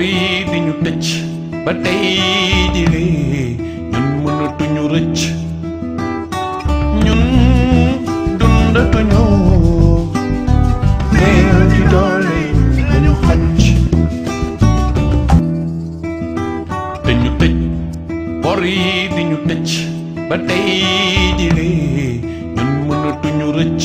sori di ñu tëj ba tey ji lii ñun mënatuñu rëcc ñun dundatuñu néew ci doole dañu xacc te ñu tëj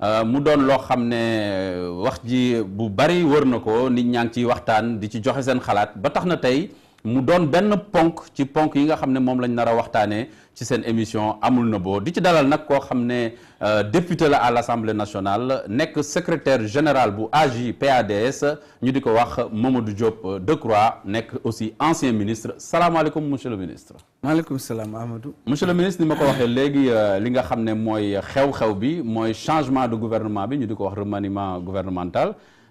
Euh, mu doon loo xam ne euh, wax ji bu bari wër na ko nit ñaa ngi ciy waxtaan di ci joxe seen xalaat ba tax na tey mu doon benn ponk ci ponk yi nga xam ne moom lañ nar a waxtaanee ci une émission amul na Dites di ci dalal nak ko xamné euh, député à l'Assemblée nationale nek secrétaire général bu AGPADS pads ñu diko wax Mamadou Diop euh, Croix nek aussi ancien ministre Salam alaykoum monsieur le ministre. alaykoum salam, Amadou. monsieur le ministre ni ma ko waxee euh, li nga xamné moy xew-xew bi changement de gouvernement bi ñu diko wax remaniement gouvernemental.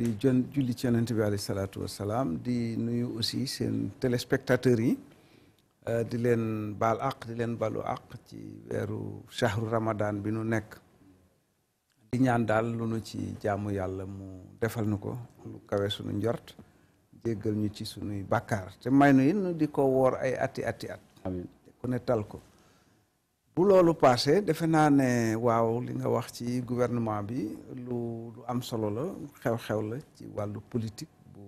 di jon julli ci yonent bi alayhi salaatu wasalaam di nuyu aussi seen téléspectateurs yi euh, di leen baal àq di leen balu àq ci weeru shahru ramadan bi nu nekk di ñaan daal lu nu ci jaamu yàlla mu defal nu ko lu kawe sunu njort jéggal ñu ci sunuy bàkkaar te may nu it nu di ko woor ay ati ati at ku ne ko bu loolu passé defe naa ne waaw li nga wax ci gouvernement bi lu lu am solo la xew-xew la ci wàllu politique bu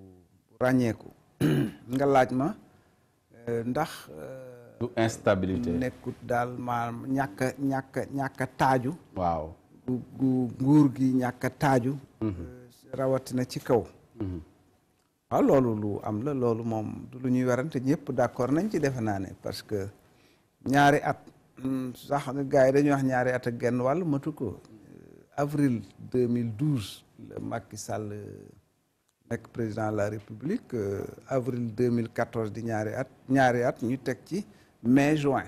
ràññeeku nga laaj ma euh, ndax euh, du instabilité nekkut daal maanaam ñàkk a taaju waaw gu nguur gi ñàkk taaju mhm. euh, rawatina ci kaw mhm. waaw loolu lu am la loolu moom lu ñuy werante ñëpp d'accord nañ ci defe naa ne parce que ñaari at sax nag gars yi wax ñaari at ak genn wàll matuko avril 2012 le Macky Sall euh, nek président de la République euh, avril 2014 di ñaari at ñaari at ñu teg ci mai juin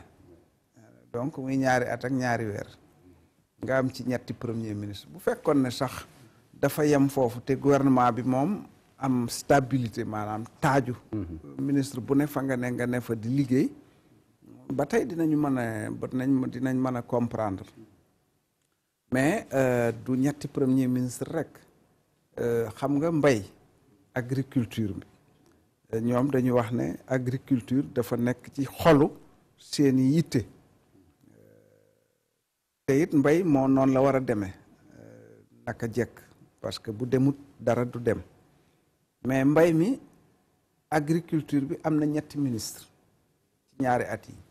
donc muy ñaari at ak ñaari weer nga am ci ñetti premier ministre bu fekkoon ne sax dafa yem foofu te gouvernement bi moom am stabilité maanaam taaju mhm. ministre bu ne fa nga ne nga ne fa di liggéey ba tey dinañu mën a ba dinañ dinañ mën a comprendre mais euh, du ñetti premier ministre rek euh, xam nga mbay agriculture bi euh, ñoom dañu wax ne agriculture dafa nekk ci xolu seeni yitte te it mbay moo noonu la war a demee naka jekk parce que bu demut dara du dem mais mbay mi agriculture bi am na ñetti ministre ci ñaari at yi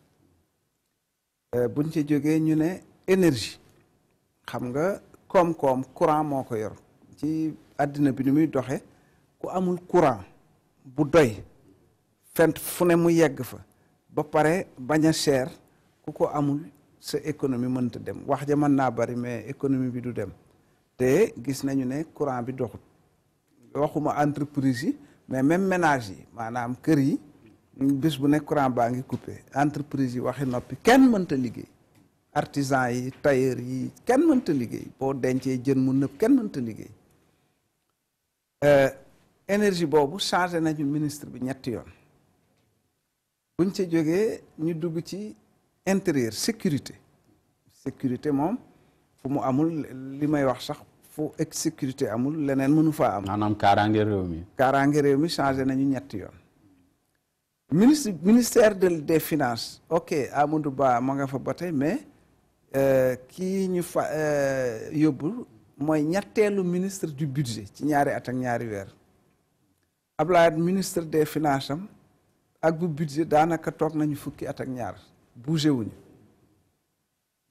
Euh, buñ ci jógee ñu ne énergie xam nga koom-koom courant moo ko yor ci àddina bi ni muy doxe ku amul courant bu doy fent fu ne mu yegg fa ba pare bañ a cher ku ko amul sa économie mënta dem wax ja mën naa bari mais économie bi du dem te gis nañu ne courant bi doxut waxuma entreprise yi mais même ménage yi maanaam kër yi bés bu nekk courant baa ngi coupé entreprise yi waxi noppi kenn mënta liggéey artisan yi tailleur yi kenn mënta liggéey boo dencee jën mu nëb kenn mënta liggéey euh, énergie boobu changé nañu ministre bi ñetti yoon buñ ci jógee ñu dugg ci intérieur sécurité sécurité moom fu mu amul li may wax sax fu ex sécurité amul leneen mënu faa am. maanaam kaaraange réew mi. kaaraange réew mi changé nañu ñetti yoon. ministre ministère de des finances ok Amadou Ba ma nga fa ba tey mais euh, kii ñu fa euh, yóbbu mooy ñetteelu ministre du budget ci ñaari at ak ñaari weer Abdoulaye ministre des finances am ak bu budget daanaka toog nañu fukki at ak ñaar bougé wuñu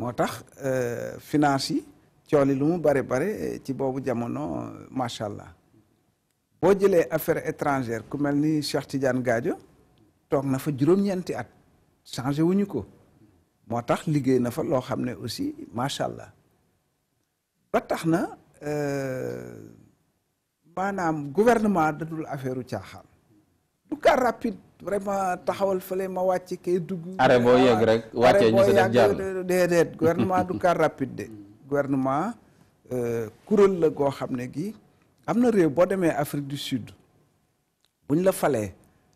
moo tax euh, finance yi cool yi lu mu bare bari ci boobu jamono macha allah boo jëlee affaire étrangère ku mel ni Cheikh Tidiane Gadio. toog na fa juróom-ñeenti at changé wuñu ko moo tax liggéey na fa loo xam ne aussi macha allah ba tax na euh, maanaam gouvernement da dul affaire u caaxaan du car rapide vraiment taxawal fële ma wàcc kay dugg. arrêt boo yegg ah, rek wàccee ñu si def jàll déedéet gouvernement du car rapide de gouvernement euh, kuréel la goo xam ne gi am na réew boo demee Afrique du Sud buñ la falee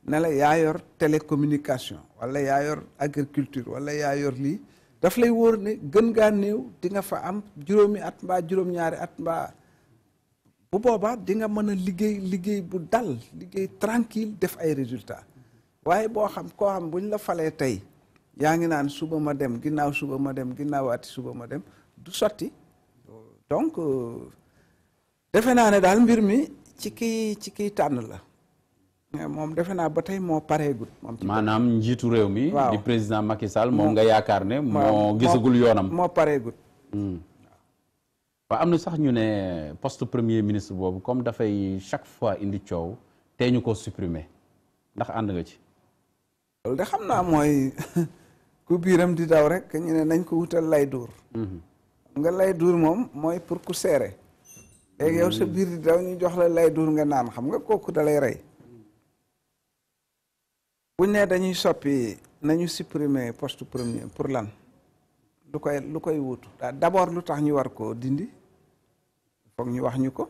ne la télécommunication wala yaa agriculture wala yaa li, daf lay wor ne gën gaa néew di nga fa am juróomi at mbaa juróom-ñaari at mbaa bu boba di nga mën liggéey liggéey bu dal liggéey tranquille def ay résultats waaye boo xam koo xam buñ la falee tey yaa ngi naan suba ma dem ginnaaw suba ma dem ginnaaw suba ma dem du sotti donc euh, defe naa ne daal mbir mi ci kii ci kii tànn Euh, moom defe naa ba tey moo pareegut moom maanaam njiitu réew mi waaw président Macky Sall moom nga yaakaar ne moo gisagul yoonam moo pareegut hmm. waaw am na sax ñu ne poste premier ministre boobu comme dafay chaque fois indi coow te ñu ko supprimer ndax ànd nga ci loolu de xam naa mooy ku biiram di daw rek ñu ne nañ ko wutal lay duur hmm. nga lay duur moom mooy pour ku seere léegi yow sa hmm. biir di daw ñu jox la lay duur nga naan xam nga kooku dalay rey buñ ne dañuy soppi nañu supprimer poste premier pour lan lu koy lu koy wuutu d'abord lu tax ñu war ko dindi foog ñu wax ñu ko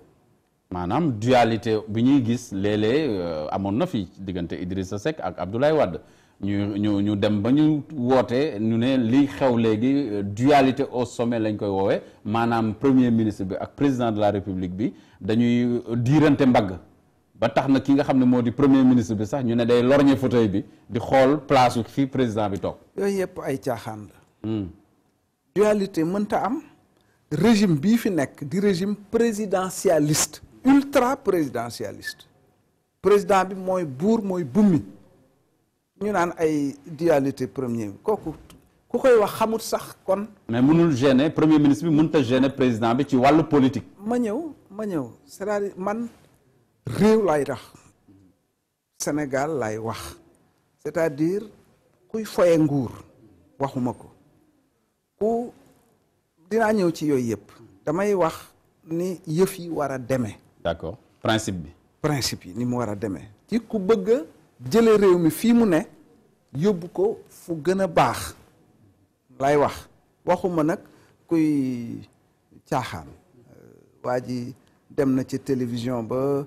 maanaam dualité bi ñuy gis léeg-léeg euh, amoon na fi diggante sa Seck ak Abdoulaye Wade ñu ñu ñu dem ba ñu woote ñu ne li xew léegi euh, dualité au sommet lañ koy woowe maanaam premier ministre bi ak président de la république bi dañuy euh, diirante mbagg ba tax na ki nga xam ne moo di premier ministre bi sax ñu ne day lorñe fauteuil bi di xool place fi président bi toog yooyu yëpp ay caaxaan la hmm. dualité mënta am régime bii fi nekk di régime présidentialiste ultra présidentialiste président bi mooy buur mooy bummi ñu naan ay dualité premier bi kooku ku koy wax xamut sax kon mais mënul gêner premier ministre bi mënut a gêner président bi ci wàllu politique ma ñëw ma ñëw cest man réew laay tax Sénégal laay wax c'est-à-dire kuy foye nguur waxuma ko ku dinaa ñëw ci yooyu yëpp damay wax ni yëf yi war a demee d'accord principe bi principe yi ni mu war a demee ci ku bëgg jële réew mi fii mu ne yóbbu ko fu gën a baax lay wax waxuma nag kuy caaxaan waa ji dem na ci télévision ba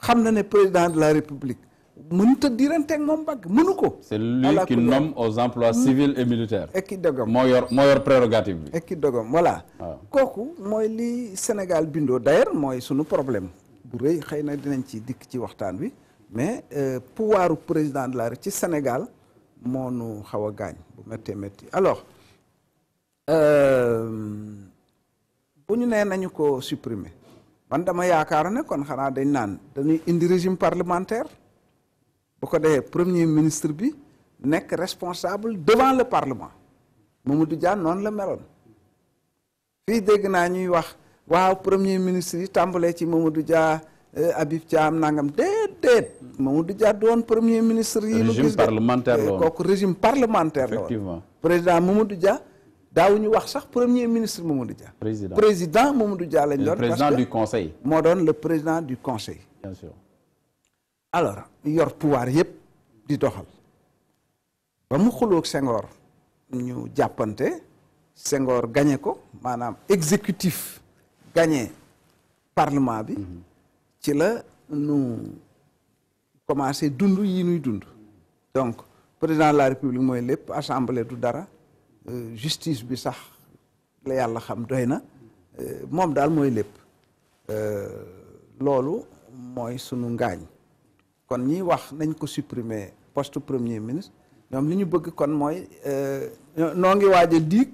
xamna né président de la république mënut a dirante ak moom mënu ko. c'est lui qui nomme aux emplois hmm. civils et militaires. et qui dogam yor yor prérogative bi. et qui dogam voilà. koku moy li Sénégal bindo d'ailleurs moy sunu problème bu reuy xeyna dinañ ci dik ci waxtaan bi mais euh, pouvoiru président de la République ci Sénégal monu xawa xaw bu metti metti alors euh, bu ñu né nañu ko supprimer. man dama yaakaar ne kon xanaa dañ naan dañuy indi régime parlementaire bu ko de premier ministre bi nekk responsable devant le parlement Mamadou Dia noonu la meloon fii dégg naa ñuy wax waaw premier ministre yi tàmbalee ci Mamadou Dia euh, Habib Thiam nangam déedéet Mamadou Dia doon premier ministre yi. régime parlementaire la woon kooku régime parlementaire la woon président Mamadou daawuñu wax sax premier ministre Mamadou Dia. président président Mamadou Dia lañ doon. président du conseil moo doon le président du conseil. bien sûr. alors yor pouvoir yëpp di doxal ba mu xuloog Senghor ñu jàppante Senghor gagné ko maanaam exécutif gagné parlement bi. Mhm. ci la ñu commencé dund yi ñuy dund. donc président de la république mooy lépp assemblée du dara. Euh, justice bi sax la yàlla xam doy na euh, moom daal mooy lépp euh, loolu mooy sunu ngaañ kon ñiy wax nañ ko supprimer poste premier ministre ñoom li ñu bëgg kon mooy noo ngi waaj a diig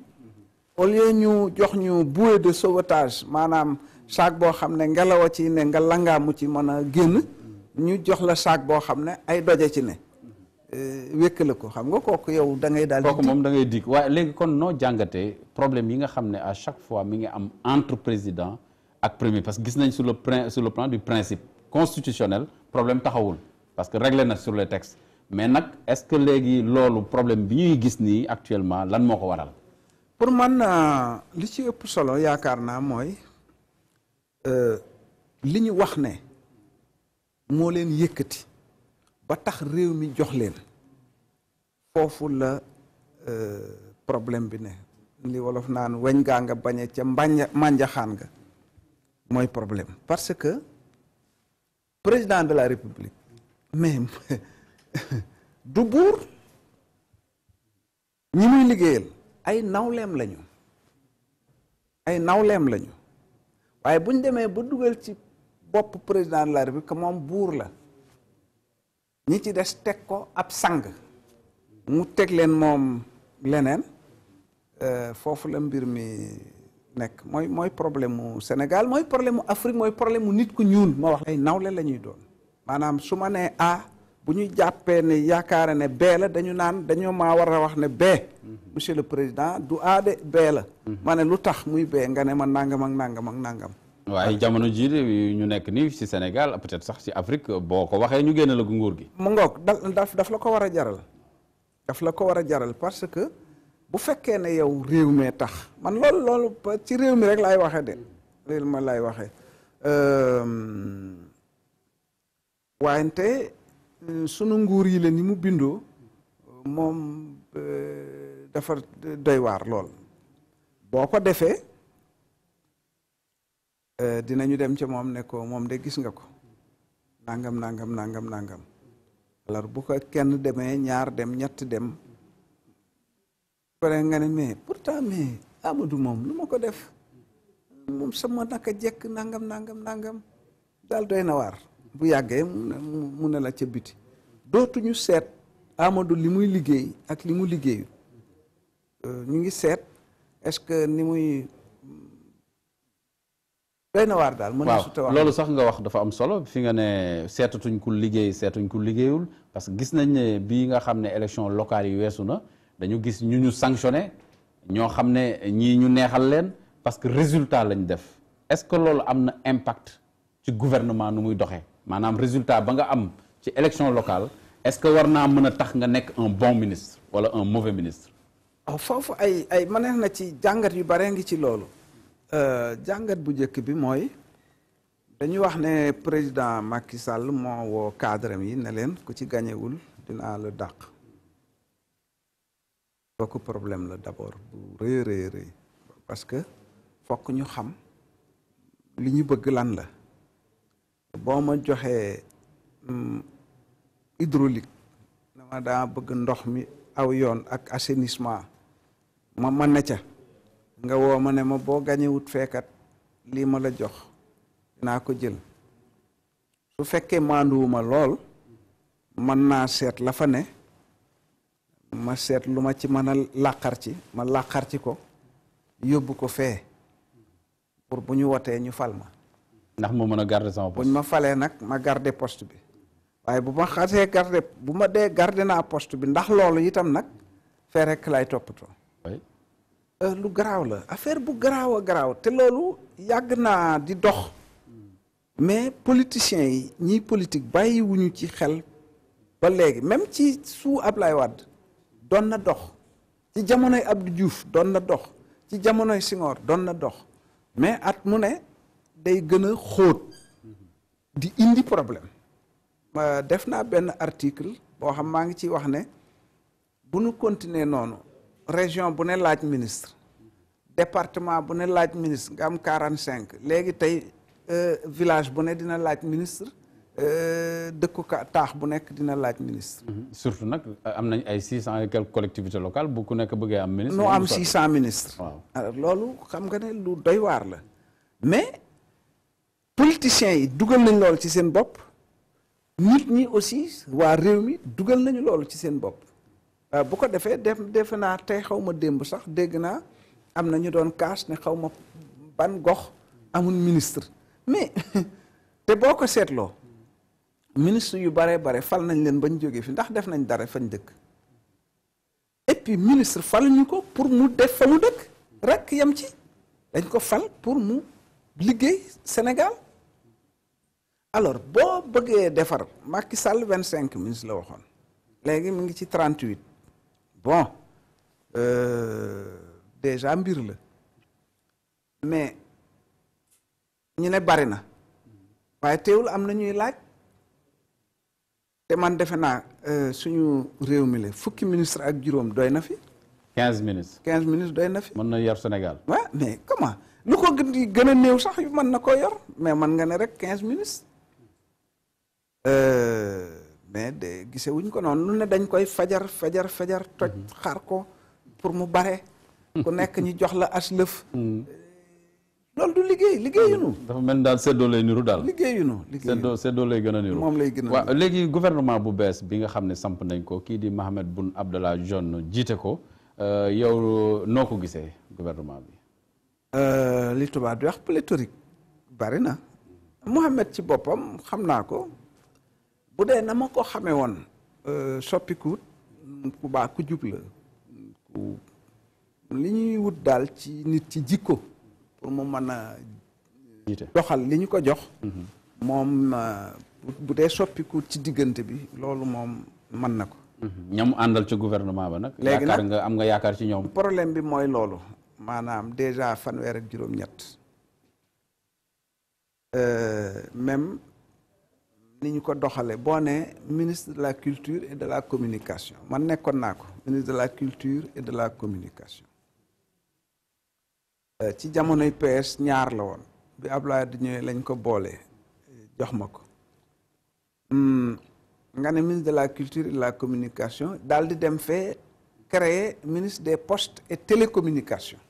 au lieu ñu jox ñu bouée de sauvetage maanaam saak boo xam ne ngelaw ci ne nga langaamu ci mën a génn ñu jox la saak boo xam ne ay doje ci ne Euh, wékk la ko xam nga kooku yow da ngay daal kooku moom da ngay dig waaye léegi kon noo jàngatee problème yi nga xam ne à chaque fois mi ngi am entre président ak premier parce que gis nañ sur le prin sur le plan principe constitutionnel problème taxawul parce que réglé na sur les textes mais nag est-ce que léegi loolu problème bi ñuy gis nii actuellement lan moo ko waral pour man euh, li ci ëpp solo yaakaar naa mooy euh, li ñu wax ne moo leen yëkkati ba tax réew mi jox leen foofu la euh, problème bi ne li wolof naan weñ gaa nga bañe ca mbànja mànjaxaan nga mooy problème parce que président de la république mais du buur ñi muy liggéeyal ay nawleem lañu ay nawleem lañu waaye buñ demee ba dugal ci bopp président de la république moom buur la ñi ci des teg ko ab sang mu teg leen moom leneen euh, foofu la mbir mi nekk mooy mooy problème mu Sénégal mooy problème mu Afrique mooy problème mu nit ku ñuul moo wax ay nawle la ñuy doon maanaam su ma nee a bu ñu jàppee ne yaakaare ne bee la dañu naan dañoo maa war a wax ne bee mhm. monsieur le président du a de bee la mhm. ma ne lu tax muy bee nga ne ma nangam ak nangam ak nangam waye jamono jiri ñu nek ni ci Sénégal peut-être sax ci Afrique boko waxe ñu gënal la nguur gi. mu ngok daf daf la ko wara jaral daf la ko wara jaral parce que bu fekke ne yow rew me tax man lool lool ci rew mi rek lay waxe de réew ma waxe euh wante euh, sunu nguur yi la ni mu bindo mom euh, dafa doy war lool boko Euh, dinañu dem ca moom nekkoo moom de gis nga ko nangam nangam nangam nangam alors bu ko kenn demee ñaar dem ñett dem ko nga ne mais pourtant mais Amadou moom lu ma ko def moom sama naka jekk nangam nangam nangam daal doy na waar bu yàggee mu ne la ca biti dootuñu seet Amadou li muy liggéey ak li mu liggéey euh, ñu ngi seet est-ce que ni muy doy na dal daal mën na sute wax loolu sax nga wax dafa am solo fi nga ne setatuñ ku liggéey setuñ ku liggéeyul parce que gis nañ ne bi nga xam élection locale yi wessuna dañu gis ñu ñu sanctionné ño xam ñi ñu neexal leen parce que résultat lañ def est-ce que lolu amna impact ci gouvernement nu muy doxee maanaam résultat ba nga am ci élection locale est-ce que war na mëna tax nga nekk un bon ministre wala un mauvais ministre oh, fofu ay ay mënees na ci jangat yu bare ngi ci lolu Euh, jàngat bu njëkk bi mooy dañu wax ne président Macky Sall moo woo cadre yi ne leen ku ci gañewul dinaa la dàq kooku problème la d'abord bu rëy rëy rëy parce que fokk ñu xam li ñu bëgg lan la boo ma joxee hmm, hydraulique dama daa bëgg ndox mi aw yoon ak assainissement ma mën na ca nga woo ma ne ma boo gañewut feekat lii ma la jox naa ko jël su fekkee maanduwuma lool man naa seet la fa ne ma seet lu ma ci mën a làqar ci ma làqar ci ko yóbbu ko fee pour bu ñu wotee ñu fal ma ndax ma mën a garder sama poste ma falee nag ma garder poste bi waaye bu ma xasee garder bu ma dee garder naa post bi ndax loolu itam nag fee rek lay toppatoo Euh, lu graw la affaire bu graw graw té lolu loolu yàgg di dox mais politiciens yi ñiy politique wuñu ci xel ba légui même ci sous Ablaye wad don na dox ci jamonoy Abdou Diouf don na dox ci jamonoy singor don na dox mais at mu né day gëna xoot di indi problème euh, def defna ben article bo xam ma ngi ci wax né bu nu continuer noonu région bu ne laaj ministre département bu ne laaj ministre nga am quarante cinq léegi euh, village bu ne dina laaj ministre euh, dëkku tax bu nekk dina laaj ministre. Mhm. surtout nak euh, am nañ ay 600 cent collectivité locale bu ku nekk bëggee am. ministre nu am 600 ministre. ministres. alors loolu xam nga ne lu doy war la mais politiciens yi dugal nañ lolu ci sen bop nit ñi aussi wa réew mi dugal nañ lolu ci sen bop Euh, bu ko defee def defe naa tey xaw ma démb sax dégg naa am na ñu doon kaas ne xaw ma ban gox amul ministre mais te boo ko seetloo ministre yu baree bare fal nañ leen bañ jógee fi ndax def nañ dara fañ dëkk et ministre fal ñu ko pour mu def fa mu dëkk rek yem ci dañ ko fal pour mu liggéey Sénégal alors boo bëggee defar Macky Sall vingt cinq ministre la waxoon léegi mu ngi ci trente huit bon euh, déjà mbir la mais ñu ne bari na waaye teewul am na ñuy laaj te man defe naa euh, suñu réew mi la fukki ministre ak juróom doy na fi. quinze ministres 15 ministres doy na fi. mën na yor Sénégal. waaw mais comment lu ko gën a néew sax mën na ko yor mais man nga ne rek quinze ministres. Euh, mais de gise wuñ ko noonu lu ne dañ koy fajar fajar fajar toj mhm. xar ko pour mu bare ku nekk ñu jox la as lëf mhm. loolu du liggéey liggéeyunu dafa mel ni daal seddoo lay niru daal liggéeyunu seddoo seddoo lay gën a niru moom lay gën a waaw léegi gouvernement bu bees bi nga xam ne samp nañ ko kii di Mahammed Boun Abdallah Dionne jiite ko euh, yow noo ko gisee gouvernement bi euh, li tubaab di wax pléthorique bari na Mohamed ci boppam xam naa ko bu dee na ma ko xamee woon euh, soppikuut ku baax ku jub la ku li ñuy wut daal ci nit ci jikko pour mu mën a doxal li ñu ko jox mhm. moom euh, bu dee soppikuut ci diggante bi loolu moom mën na ko mhm. ñamu àndal ci gouvernement ba nag léegi nag yaakaar am nga yaakaar ci ñoom problème bi mooy loolu maanaam déjà fanweer ak juróom-ñett euh, même Je suis ko ministre de la culture et de la communication man suis le ministre de la culture et de la communication je suis PS ñaar la woon bi de la lañ ko ministre de la culture et de la communication Je di dem créer ministre des postes et télécommunications.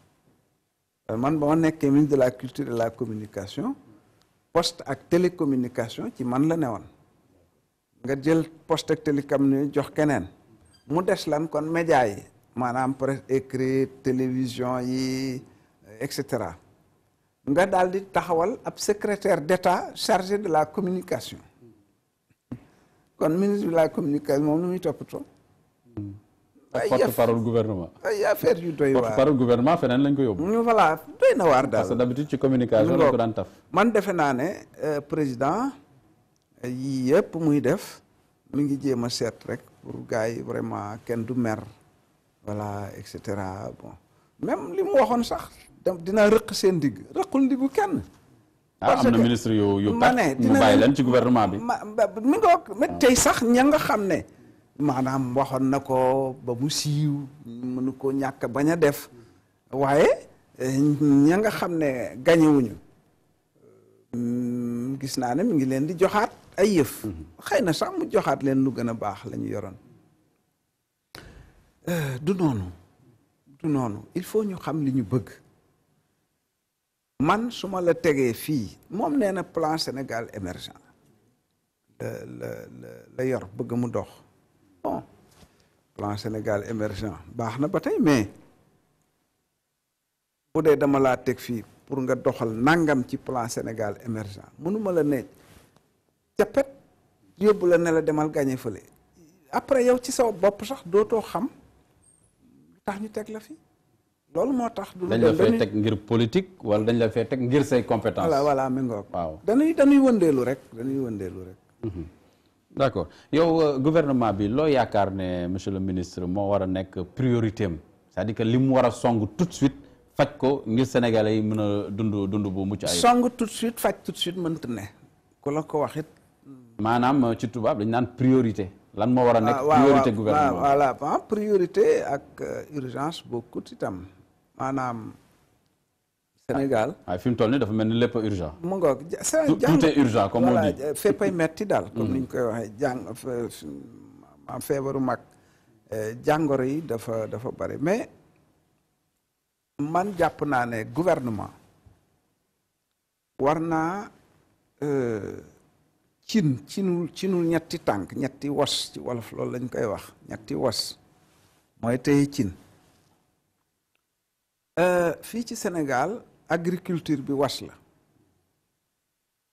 man ba ma ministre de la culture et de la communication poste ak télécommunication ci man la néwon nga jël poste ak télécommunication jox keneen mu des lan kon média yi maanaam presse écrite télévision yi et cetera nga daal di taxawal ab secrétaire d'État chargé de la communication kon ministre de la communication moom lu muy toppatoo ak porte-parole ay affaire yu doy waar porte-parole feneen lañ ko yóbbu. voilà doy na waar daal. ci communication lañ ko daan taf. man defe naa ne euh, président yii yëpp muy def mi ngi jéem a seet rek pour gars vraiment kenn du mer voilà et cetera bon même waxoon sax dina rëq seen digg rëqul ndiggu kenn. Ah, parce am na ministre yu yu. ma ne dina ñu bàyyi leen ci gouvernement bi. ma ah. tey sax ña nga xam ne. maanaam waxoon na ko ba mu siiw mënu koo ñàkk bañ a def waaye ña nga xam ne gañewuñu mm, gis naa ne mi ngi leen di joxaat ay yëf mm-hmm. xëy na sax mu joxaat leen lu gën a baax lañu yoroon euh, du noonu du noonu il faut ñu xam li ñu bëgg man su ma la tegee fii moom nee na plan Sénégal émergent la la la yor bëgg mu dox plan Sénégal émergent baax na ba tey mais bu dee dama laa teg fii pour nga doxal nangam ci plan Sénégal émergent mënuma la ne capet yóbbu la ne la demal gagné fële après yow ci saw bopp sax dootoo xam tax ñu teg la fi loolu moo tax. du dañ la fay teg ngir politique wala dañ la fee teg ngir say compétence. voilà voilà mi ngoog. waaw dañuy dañuy wëndeelu rek dañuy wëndeelu rek. Mhm. d' accord yow euh, gouvernement bi loo yaakaar ne monsieur le ministre moo war a nekk priorité am c'est-à-dire que li mu war a song tout de suite faj ko ngir sénégalais yi mën a dund dund bu mucc ay song tout de suite faj tout de suite mënta ne ku la ko waxit maanaam euh, ci tubaab dañ naan priorité lan moo war a nekk ah, priorité gouvernement voilà ah, priorité ak euh, urgence bokkut itam Sénégal ah, waaye film tourné, toll nii dafa urgent tout est urgent comme on dit féppay metti dal, comme mm. ni ñu koy waxee jàng am feebaru mag eh, jàngoro yi dafa dafa bari mais man jàpp ne gouvernement warna chin euh, cin chinul cinul ñetti tànk ñetti was ci wolof loolu lañ koy wax ñetti was tay tey euh fi ci Sénégal agriculture bi was la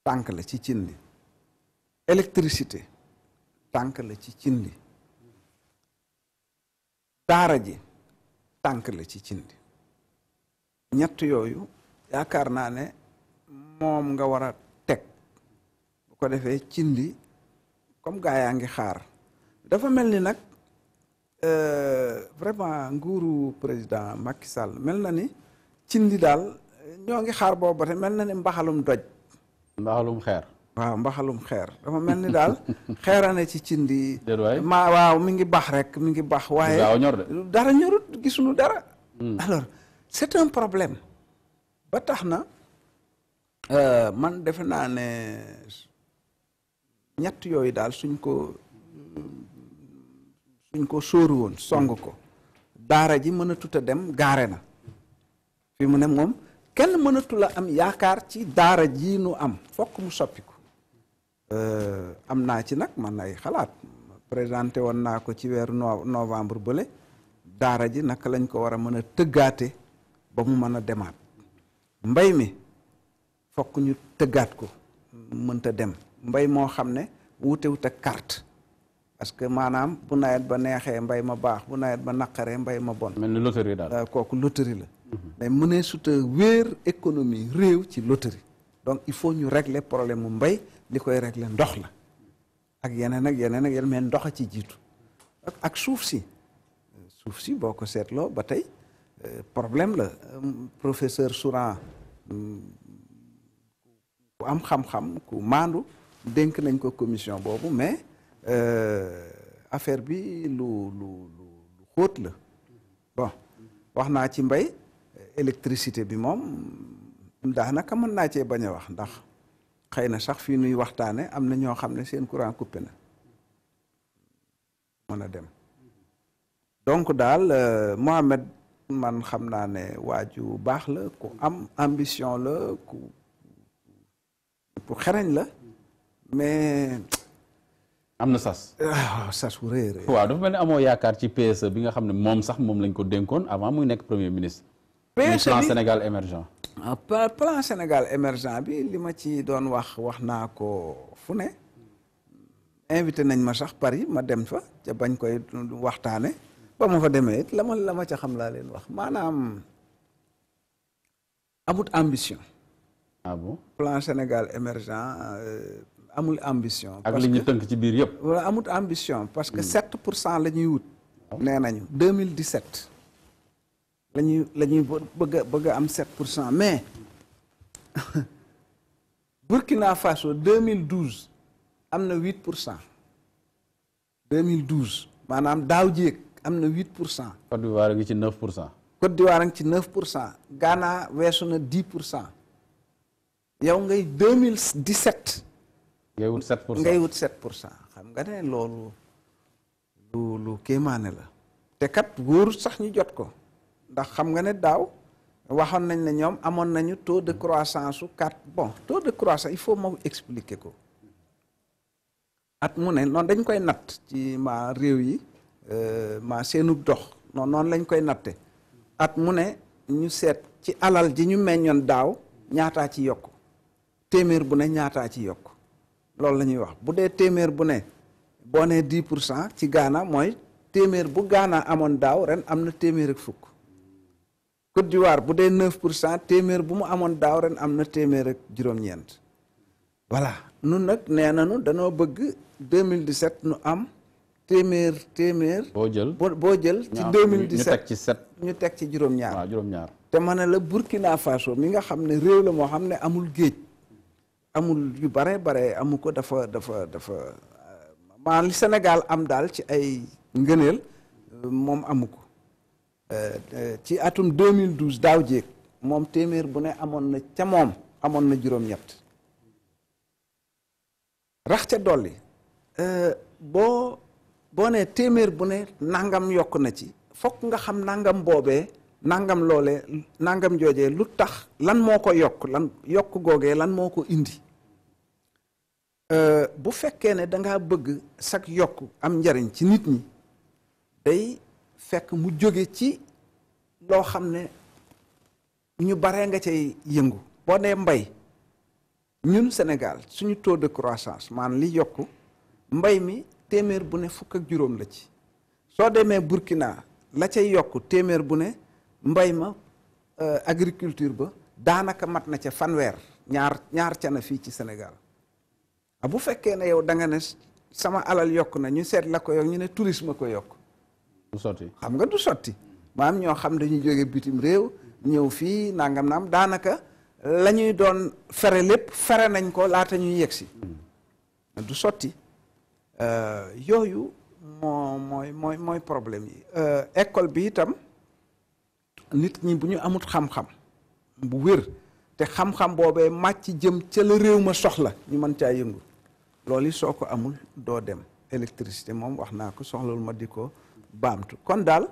tank la ci cindi li électricité tànk la ci cindi dara ji tank la ci cindi ñett yoyu yaakar na ne mom nga wara tek bu ko defé cindi comme gaa yaa ngi xaar dafa melni nak euh vraiment nguru président Macky Sall mel ni cindi dal ñoo ngi xaar boobu te mel na ni mbaxalum doj. mbaxalum xeer. waaw mbaxalum xeer dafa mel ni daal ci ma waaw mi ngi mingi rek mi ngi baax. waaye dara ñorut gisuñu dara. Hmm. alors un problème. ba tax na euh, man defe naa ne ñett yooyu daal suñ ko suñ ko sóoru woon song ko. daara ji mën tuta dem gaare na. fi mu ne moom kenn mënatul la am yaakaar ci daara ji nu am fokk mu soppiku euh, am naa ci nag man ay xalaat présenté woon naa ko ci weeru novembre bële daara ji naka lañ ko war a mën a tëggaate ba mu mën a demaat mbay mi fokk ñu tëggaat ko mënta dem mbay moo xam ne wutewut ak carte parce que maanaam bu nawet ba neexee mbay ma baax bu nawet ba naqaree mbay ma bon mel ni loterie daal euh, kooku loterie la mais mënee sut a économie réew ci loterie donc il faut ñu régler problème mbay likoy régler ndox la ak yenen ak yenen ak yeneen mais ndox ci jitu ak suuf si suuf si boo ko seetloo ba euh, problème la euh, professeur Souran hmm, ku am xam-xam ku mandu denk nañ ko commission bobu mais euh, affaire bi lu lu lu xóot la bon wax naa ci mbay électricité bi moom daanaka mën naa cee bañ a wax ndax xëy na sax fii nuy waxtaane am na ñoo xam ne seen courant coupé na mën a dem donc daal euh, Mohamed man xam naa ne waaju baax la ku am ambition la ku ku xereñ la mais. am na sas. waaw ah, sas wu rëy a rëy. waaw dafa mel ni amoo yaakaar ci PSE bi nga xam ne moom sax moom lañ ko dénkoon avant muy nekk premier ministre. Le plan Sénégal émergent. Ah, plan Sénégal émergent bi li ma ci wax invité à ma Paris ma dem fa ja koy ba ma fa la ma la ma xam amut ambition. ah bon plan Sénégal émergent euh, amul ambition. ak li ñu ci ambition parce que 7 hmm. pour wut. Ah nenañu 2017. Nous avons am 7 mais Burkina Faso 2012 am 8 2012 maanaam daaw jéeg am 8 Côte d'Ivoire ngi 9 Côte d'Ivoire ngi 9 Ghana version 10 Il y yow ngay 2017. ngay wut 7 pour cent ngay wut 7 pour cent xam nga ne loolu lu lu kéemaane la te kat sax ñu ndax xam nga ne daaw waxoon nañ ne ñoom amoon nañu taux de croissance su quatre bon taux de croissance il faut ma expliquer ko at mu ne noon dañ koy natt ci ma réew yi euh, ma seenu dox noonu noonu lañ koy natte at mu ne ñu seet ci alal ji ñu meññoon daaw ñaataa ci yokk téeméer bu ne ñaataa ci yokk loolu la ñuy wax bu dee téeméer bu ne boo nee dix pour cent ci Ghana mooy téeméer bu Ghana amoon daaw ren am na téeméer ak fukk Côte d'Ivoire bu dee 9 pour cent téeméer bu mu amoon daaw ren am na téeméer ak juróom-ñeent voilà nun nag nee nañu danoo bëgg 2017 nu am téeméer téeméer. boo jël jël. ci 2017 ñu teg ci ñu teg ci juróom-ñaar te ma ne la Burkina Faso mi nga xam ne réew la moo xam ne amul géej amul yu bare bare amu ko dafa dafa dafa euh, maa li Sénégal am daal ci ay ngëneel euh, moom amu ko. ci atum 2012 daaw jéeg moom téeméer bu ne amoon na ca moom amoon na juróom-ñett rax ca dolli euh, boo boo nee téeméer bu ne nangam yokk na ci fokk nga xam nangam boobee nangam loole nangam joojee lu tax lan moo ko yokk lan yokk googee lan moo ko indi euh, bu fekkee ne danga bëgg sag yokk am njariñ ci nit ñi day fekk mu jóge ci loo xam ne ñu baree nga cay yëngu boo nee mbay ñun Sénégal suñu taux de croissance maanaam li yokk mbay mi téeméer bu ne fukk ak juróom la ci soo demee Burkina la ca yokk téeméer bu ne mbay ma euh, agriculture ba daanaka mat na ca fanweer ñaar ñaar ca na fii ci Sénégal ah, bu fekkee ne yow da nga ne sama alal yokk na ñu seet la ko yokk ñu ne tourisme ko yokk du xam nga du sotti Ma'am, ño xam dañuy jóge bitim rew ñew fi nangam nam danaka la ñuy doon fere lépp fere nañ ko la tañu yegsi hmm. du euh yoyu mo moy moy moy problème yi euh, école bi itam nit ñi buñu amut xam-xam bu wër te xam-xam bobé macc jëm ci le rew ma soxla ñu man ca yëngu loli soko amul do dem électricité mom waxna ko soxlaul ma diko baamtu kon daal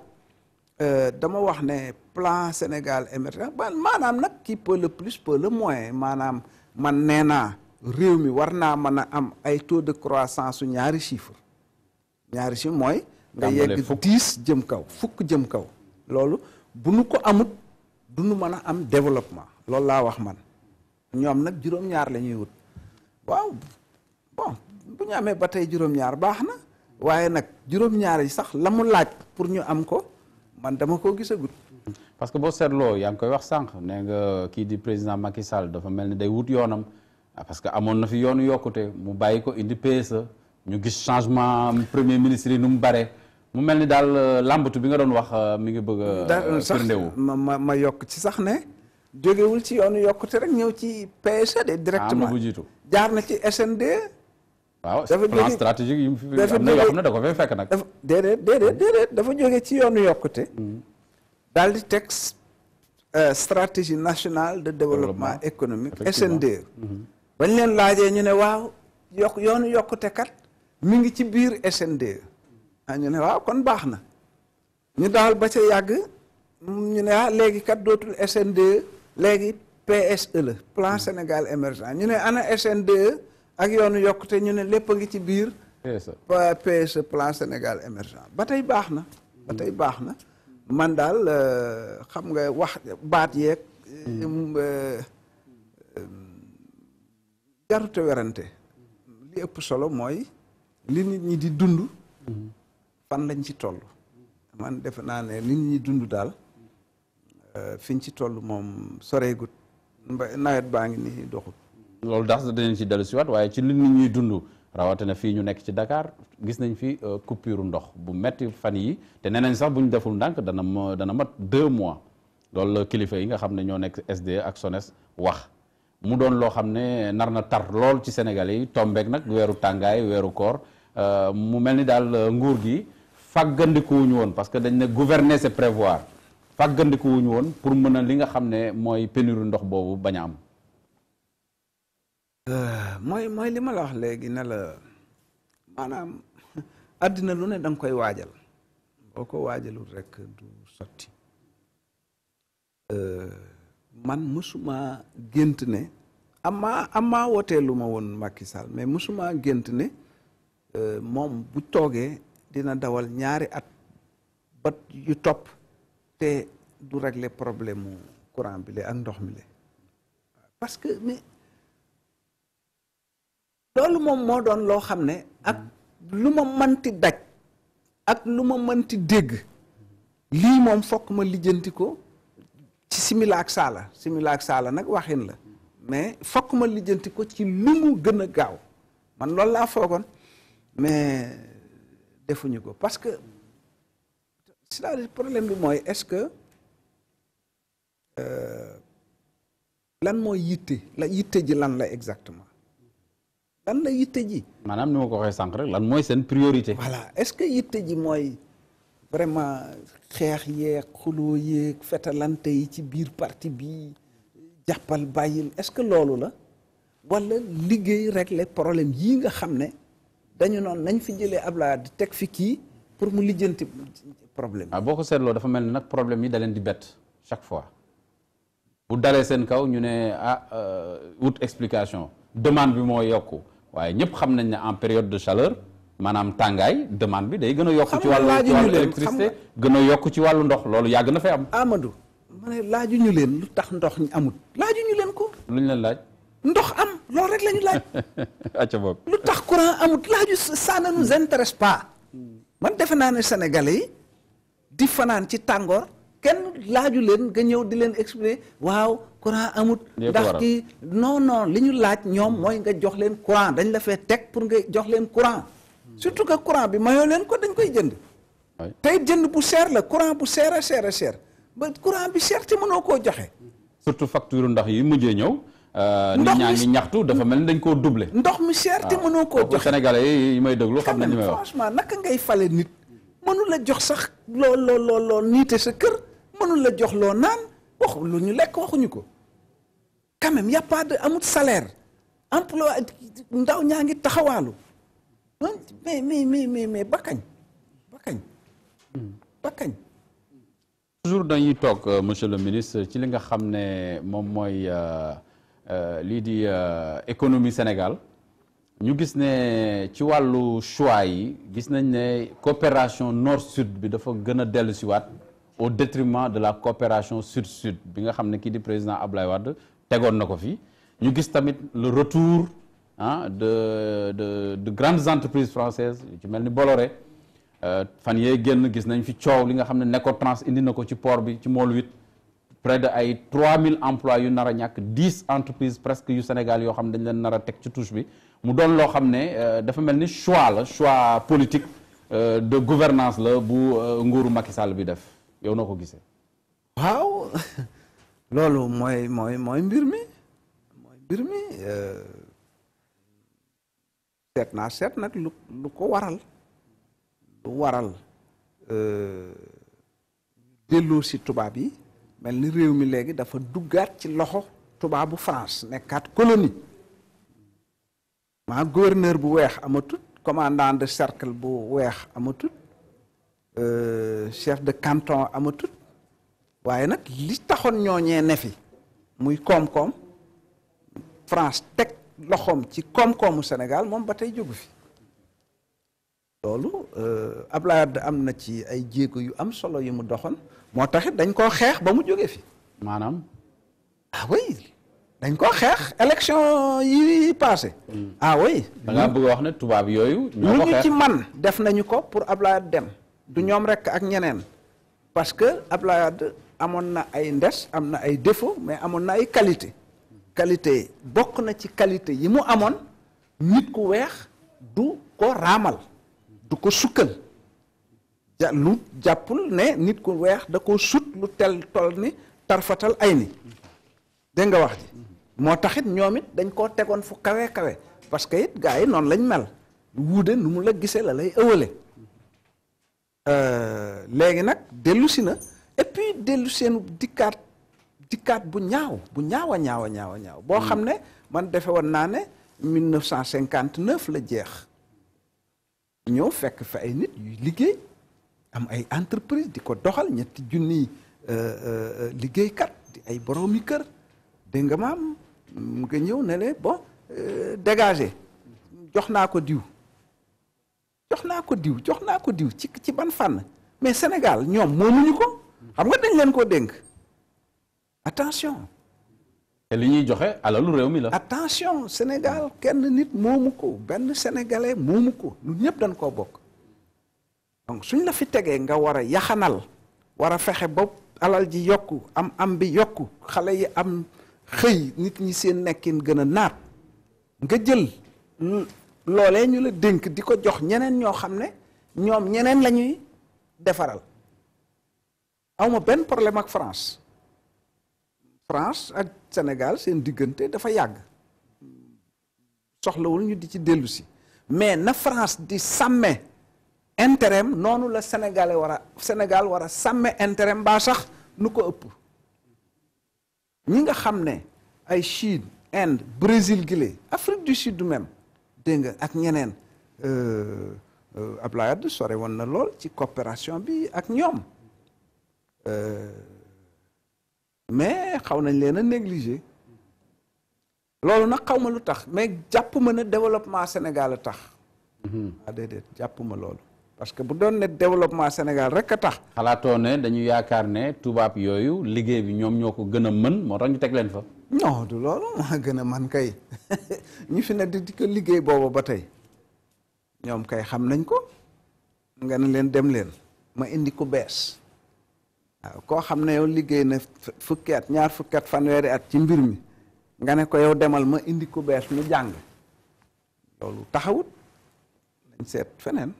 euh, dama wax ne plan Sénégal émergent maanaam nag qui peut le plus peut le moins maanaam man nee naa réew mi war naa mën a am ay taux de croissance su ñaari chiffre ñaari chiffre mooy nga yegg dix jëm kaw fukk jëm kaw loolu bu nu ko amut du nu mën a am développement loolu laa wax man ñoom nag juróom-ñaar la ñuy wut waaw bon bu ñu amee ba tey juróom-ñaar baax na waaye nag juróom-ñaar yi sax la mu laaj pour ñu am ko man dama koo gisagut. parce que boo seetloo yaa ngi koy wax sànq nee nga kii di président Macky Sall dafa mel ni day wut yoonam ah, parce que amoon na fi yoonu yokkute mu bàyyi ko indi PSE ñu gis changement premier ministre yi nu mu bare mu mel ni daal euh, làmbatu bi nga doon wax euh, mi ngi bëgg a. Euh, firndewu ma ma ma yokk ci sax ne. jógewul ci yoonu yokkute rek ñëw ci PSE de. directement ah, am na bu jaar na ci SND. waaw plan stratégique yi am na yoo xam ne da ko fay fekk nag. dafa déedéet dafa jógee ci yoonu yokkute. Hmm. daal di teg euh, stratégie nationale de développement économique SNDE. Hmm. bañ leen laajee ñu ne waaw yokk yoonu yokkute kat mu ngi ci biir SNDE. ah ñu ne waaw kon baax na. ñu daal ba ca yàgg ñu ne ah léegi kat dootul SNDE léegi PSE la plan hmm. Sénégal émergent ñu ne ana SNDE. ak yoonu yokkute ñu ne lépp a ngi ci biir PSE plan Sénégal émergent ba tey baax na ba tey baax na man daal euh, xam nga wax baat yeeg mm-hmm. euh, euh, jarute werante li ëpp solo mooy li nit ñi di dund mm-hmm. fan lañ ci toll man defe naa ne li nit ñi dund daal fiñ ci toll moom soreegut nawet baa ngi ni doxut loolu dax danañ ci dellu siwaat waaye ci li nit ñuy dund rawatina fii ñu nekk ci dakaar gis nañ fi euh, coupure ndox bu metti fan yi te nee nañ sax bu ñu deful ndànk dana dana mat deux mois loolu kilifa yi nga xam ne ñoo nekk sd ak SONES wax mu doon loo xam ne nar na tar lool ci Sénégal yi tombeek nag weeru tàngaay weeru koor euh, mu mel ni daal euh, nguur gi fàggandikuwuñu woon parce que dañ ne gouverner c'est prévoir fàggandikuwuñu woon pour mën a li nga xam ne mooy pénurie ndox boobu bañ am Euh, mooy mooy li ma la wax léegi ne la maanaam àddina lu ne danga koy waajal boo ko waajalul rek du sotti euh, man musuma gént ne ama ama wootee lu ma woon Macky Sall mais musuma gént ne euh, moom bu toogee dina dawal ñaari at bat yu topp te du régler problème mu courant bi le ak ndox mi le parce que loolu moom moo doon loo xam ne ak lu ma manti daj ak lu ma mënti dégg lii moom fokk ma lijjanti ko ci simila ak saala simila ak saala nag waxin la mais fokk ma lijjanti ko ci lu mu gën gaaw man loolu laa foogoon mais defuñu ko parce que c'est-à-dire problème bi mooy est-ce que euh, lan mooy yitte la yitte ji lan la exactement lan la yitte ji. maanaam ni ma ko waxee sank rek lan moy sen priorité. voilà est-ce que yitte ji mooy vraiment xeex yeeg xuloo yeeg fetalante yi ci biir parti bi jappal bayil est-ce que lolu la walla liggéey régler problème yi nga xamné dañu non nañ fi jëlé Ablaye di fi ki pour mu lijjanti problème ah boko sétlo dafa melni nak problème yi dalen di bett chaque fois bu dalé sen kaw ñu né ah euh wut explication demande bi mo yokku. waaye ñëpp xam nañ ne en période de chaleur maanaam tàngaay demande bi day gën a yokk ci wàllu ci wàllu électricité gën a yokk ci wàllu ndox loolu yàgg na fay am Amadou ma ne laaju ñu leen lu tax ndox ñu amul laaju ñu leen ko lu ñu leen laaj ndox am loolu rek la ñu laaj acca boobu lu tax courant amut laaju ça intéresse pas man defe naa ne sénégalais yi di fanaan ci tàngoor kenn laaju leen nga ñëw di leen expliquer waaw courant amut ndax kii non non li ñu laaj ñoom mooy nga jox leen courant dañ la fee teg pour nga jox leen courant surtout que courant bi mayoo leen ko dañ koy jënd tey jënd bu seer la courant bu seer a seer ba courant bi seer te mënoo koo joxe surtout facture ndox yi mujjee ñëw euh, nit ñaa ngi ñaxtu dafa mel ni dañ koo duble ndox mi seer te ah. mënoo koo joxe sénégalais yi may déglu xam nañ li may wax franchement naka ngay fale nit mënu la jox sax loo loo loo loo niite sa kër mënu la jox loo naan Il n'y ñu a pas de salaire hein? mais mais mais mais toujours euh, monsieur le ministre ci ne euh, euh, euh, économie Sénégal ñu gis choix coopération nord sud bi dafa au détriment de la coopération sud-sud bi nga xam dit di président Ablaye Wad, Tegon na Nous fi ñu gis tamit le retour hein, de de de grandes entreprises françaises ci mel ni Bolloré euh, fan yee génn gis nañ fi coow li nga xam ne Necotrans indi na ci port bi ci mool 8 près de ay 3000 emplois yu 10 entreprises presque yu Sénégal qui xam ne dañ leen nar a teg ci touche bi euh, choix la choix politique euh, de gouvernance la bu nguuru Macky Sall bi yow noo ko gise waaw loolu mooy mooy mooy mbir mi mooy mbir mi euh, seet na seet nag lu ko waral lu waral euh, delloo si tubaab yi mel ni réew mi léegi dafa duggaat ci loxo tubaab bu France nekkaat colonie maa gouverneur bu weex amatut commandant de cercle bu weex amatut Euh, chef de canton amatut waaye nag li taxoon ñooñee ne fi muy koom-koom France teg loxoom ci koom-koomu Sénégal moom ba tey jógu fi loolu euh, Abdoulaye Wade am ci ay jéego yu am solo yu mu doxoon moo taxit dañ koo xeex ba mu jóge fi maanaam ah oui dañ koo xeex élection yi passé mm. ah oui da nga bëgg wax ne tubaab yooyu ñoo ko lu ñu ci man def nañu ko pour Abdoulaye dem du ñoom rek ak ñeneen parce que Abdoulaye Wade amoon na ay ndes am na ay défaut mais amoon na ay qualité qualité bokk na ci qualité yi mu amoon nit ku weex du ko raamal du ko sukkal ja lu jàppul ne nit ku weex da ko sut lu tel tol ni tarfatal ay ni dégg nga wax ji moo taxit ñoom it dañ koo tegoon fu kawe kawe parce que it gars yi noonu lañ mel wuude nu mu la gisee la lay ëwale Euh, léegi nag dellusi na et puis dellu seenu dikkaat dikkaat bu ñaaw bu ñaaw a ñaaw a a ñaaw boo mm. xam ne man defe woon naa ne 1959 la jeex ñëw fekk fa ay nit yuy liggéey am ay entreprise di ko doxal ñetti junniy euh, euh, liggéeykat di ay boroomi kër dégg nga maam nga ñëw ne le bon dégagé jox naa ko diw jox naa ko diw jox naa ko diw ci ci ban fànn mais Sénégal ñoom moomuñu ko xam nga dañ leen koo dénk attention. te li ñuy joxe alalu réew mi la. attention Sénégal kenn nit moomu ko benn sénégalais moomu ko ñun ñëpp dañ koo bokk donc suñ la fi tegee nga war a yaxanal war a fexe ba alal ji yokk am am bi yokku xale yi am xëy nit ñi seen nekkin gën a naat nga jël. Hmm, loolee ñu la dénk di ko jox ñeneen ñoo xam ne ñoom ñeneen la ñuy defaral awma benn problème ak France France ak Sénégal seen diggante dafa yàgg soxlawul ñu di ci dellusi mais na France di sàmme intérêt noonu la Sénégalais war Sénégal war a sàmme intérêt mbaa sax nu ko ëpp ñi nga xam ne ay Chine Inde Brésil gile Afrique du Sud même dégg nga ak ñeneen euh, euh, Abdoulaye Wade sore woon na lool ci coopération bi ak ñoom euh, mais xaw nañ leen a négliger loolu nag xaw ma lu tax mais jàpp ma ne développement Sénégal a tax. Mhm. ah déedéet jàpp ma loolu. parce que bu doon ne développement Sénégal rek a tax. xalaatoo ne dañu yaakaar ne tubaab yooyu liggéey bi ñoom ñoo ko gën a mën moo tax ñu teg leen fa. non du loolu maa gën a man kay ñu fi ne di ko liggéey boobu ba tey ñoom kay xam nañ ko nga ne leen dem leen ma indi ku bees waaw koo xam ne yow liggéey na fukki at ñaar fukki at fanweeri at ci mbir mi nga ne ko yow demal ma indi ku bees mu jàng loolu taxawut nañ seet feneen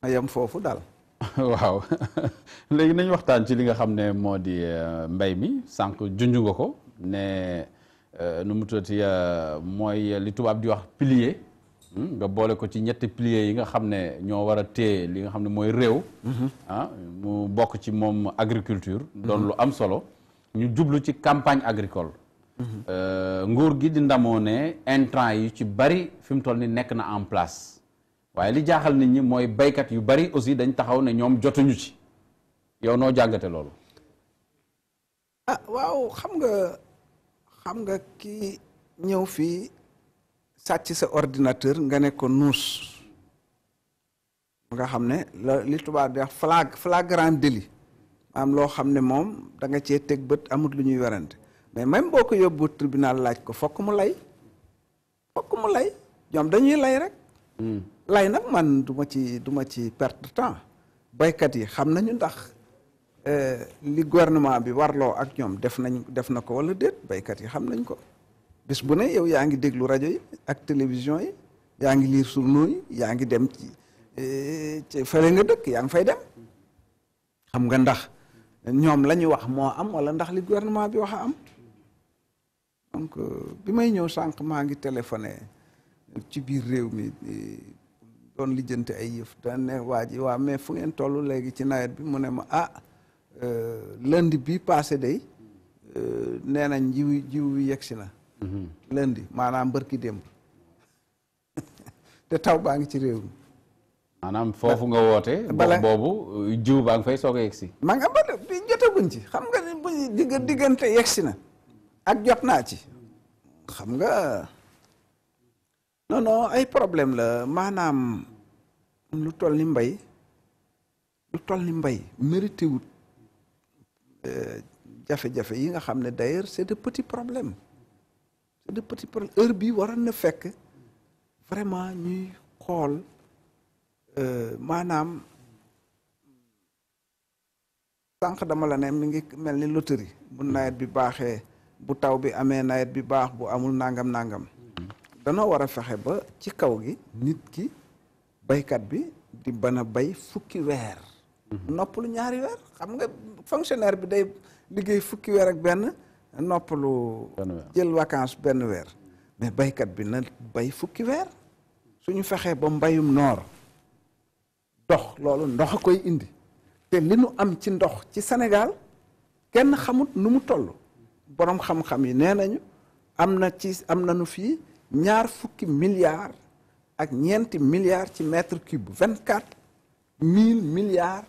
ma yem foofu daal waaw léegi nañ waxtaan ci li nga xam ne moo di euh, mbay mi sànq junj nga ko ne euh, nu mu tuddati euh, mooy li tubaab di wax plier hmm, nga boole ko ci ñetti pilier yi nga xam ne ñoo war a téye li nga xam ne mooy réew mm-hmm. ah, mu bokk ci moom agriculture doon mm-hmm. lu am solo ñu jublu ci campagne agricole mm-hmm. euh, nguur gi di ndamoon ne intrant yu ci bari fi mu toll ni nekk na en place waaye li jaaxal nit ñi mooy baykat yu bari aussi dañ taxaw ne ñoom jotuñu ci yow noo jàngate loolu ah waaw xam nga xam nga kii ñëw fii sàcc sa ordinateur nga ne ko nuus nga xam ne la li tubaab di wax flag flagrant délit am loo xam ne moom da cee teg bët amut lu ñuy werante mais même boo ko yóbbu tribunal laaj ko fokk mu lay fokk mu lay ñoom dañuy lay rek hmm. lay nag man duma ci duma ci perte temps baykat yi xam nañu ndax Euh, li gouvernement bi warloo ak ñoom def nañ def na ko wala déet béykat yi xam nañ ko bis bu ne yow yaa ngi déglu rajo yi ak télévision yi yaa ngi liir journaux yi yaa ngi dem ci eh, ci fële nga dëkk yaa ngi fay dem xam nga ndax ñoom la ñu wax moo am wala ndax li gouvernement bi wax a am donc euh, bi may ñëw sànq maa ngi téléphoné ci biir réew mi doon lijjanti ay yëf daan ne waa ji waa mais fu ngeen toll léegi ci nawet bi mu ne ma ah Euh, lundi bi passé day euh, nee nañ jiw jiw wi yegsi na mhm. lundi maanaam bërki démb te taw baa ngi ci réew mi maanaam foofu nga woote bala boobu euh, jiw baa ngi fay soog a yegsi ma nga ba jotaguñ ci xam nga bu digg diggante yegsi na ak jot naa ci xam nga non ay problème la maanaam lu tol ni mbay lu toll ni mbay mérité Euh, jafe-jafe yi nga xamné d'ailleurs c'est de petits problèmes c'est de petits problèmes heure bi waroon na fekk vraiment ñuy euh manam sank dama la ne mi ngi melni loterie bu nayet bi baxé bu taw bi amé nayet bi bax bu amul nangam nangam dano wara fexé ba ci kaw gi nit ki baykat bi di bana bay fukki weer noppalu ñaari weer xam nga fonctionnaire bi day liggéey fukki weer ak benn noppalu jël vacances benn weer mais baykat bi na bay fukki weer suñu fexee ba mbayum noor dox loolu ndox a koy indi te li nu am ci ndox ci Sénégal kenn xamut nu mu toll boroom xam-xam yi nee nañu am na ci am nañu fii ñaar fukki milliards ak ñeenti milliards ci mètre cube vingt quatre mille milliards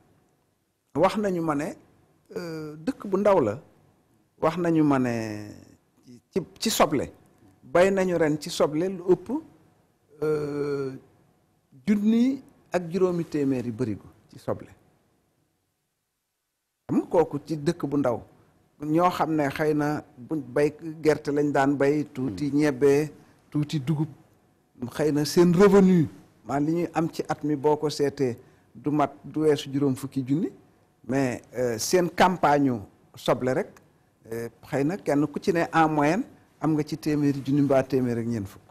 wax nañu ma ne euh, dëkk bu ndaw la wax nañu ma ne ci ci soble bay nañu ren ci soble lu ëpp euh, junni ak juróomi téeméeri bërigo ci soble am kooku ci dëkk bu ndaw ñoo xam ne xëy na buñ bay gerte lañ daan bay tuuti hmm. ñebbe tuuti dugub xëy na seen revenu maa li ñuy am ci at mi boo ko seetee du mat du weesu juróom fukki junni mais euh, seen campagne ñu soble rek euh, xëy na kenn ku ci ne en moyenne am nga ci téeméeri junni mbaa téeméer ak ñeent fukk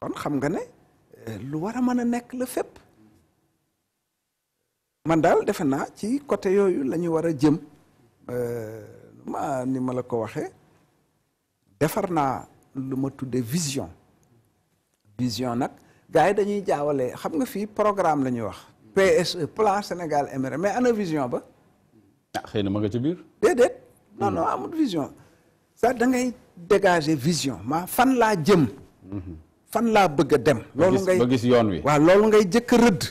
kon xam nga ne euh, lu war a mën a nekk la fépp man daal defe naa ci côté yooyu la ñu war a jëm ma ni ma la ko waxee defar naa lu ma tudde vision vision nag gars yi dañuy jaawale xam nga fii programme la ñuy wax PSE plan Sénégal émergent mais ana vision ba. ah xëy na ma nga ci biir. déedéet non non hmm. amul vision ça da ngay dégager vision ma fan laa jëm. Hmm. fan la bëgg dem. loolu ngay ba gis yoon wi. waaw loolu ngay jëkk rëdd.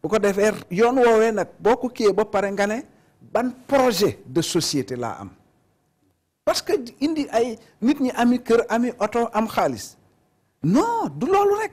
bu ko defee yoon woowee nag boo ko kiiyee ba pare nga ne ban projet de société laa am parce que indi ay nit ñi ami kër ami oto am xaalis non du loolu rek.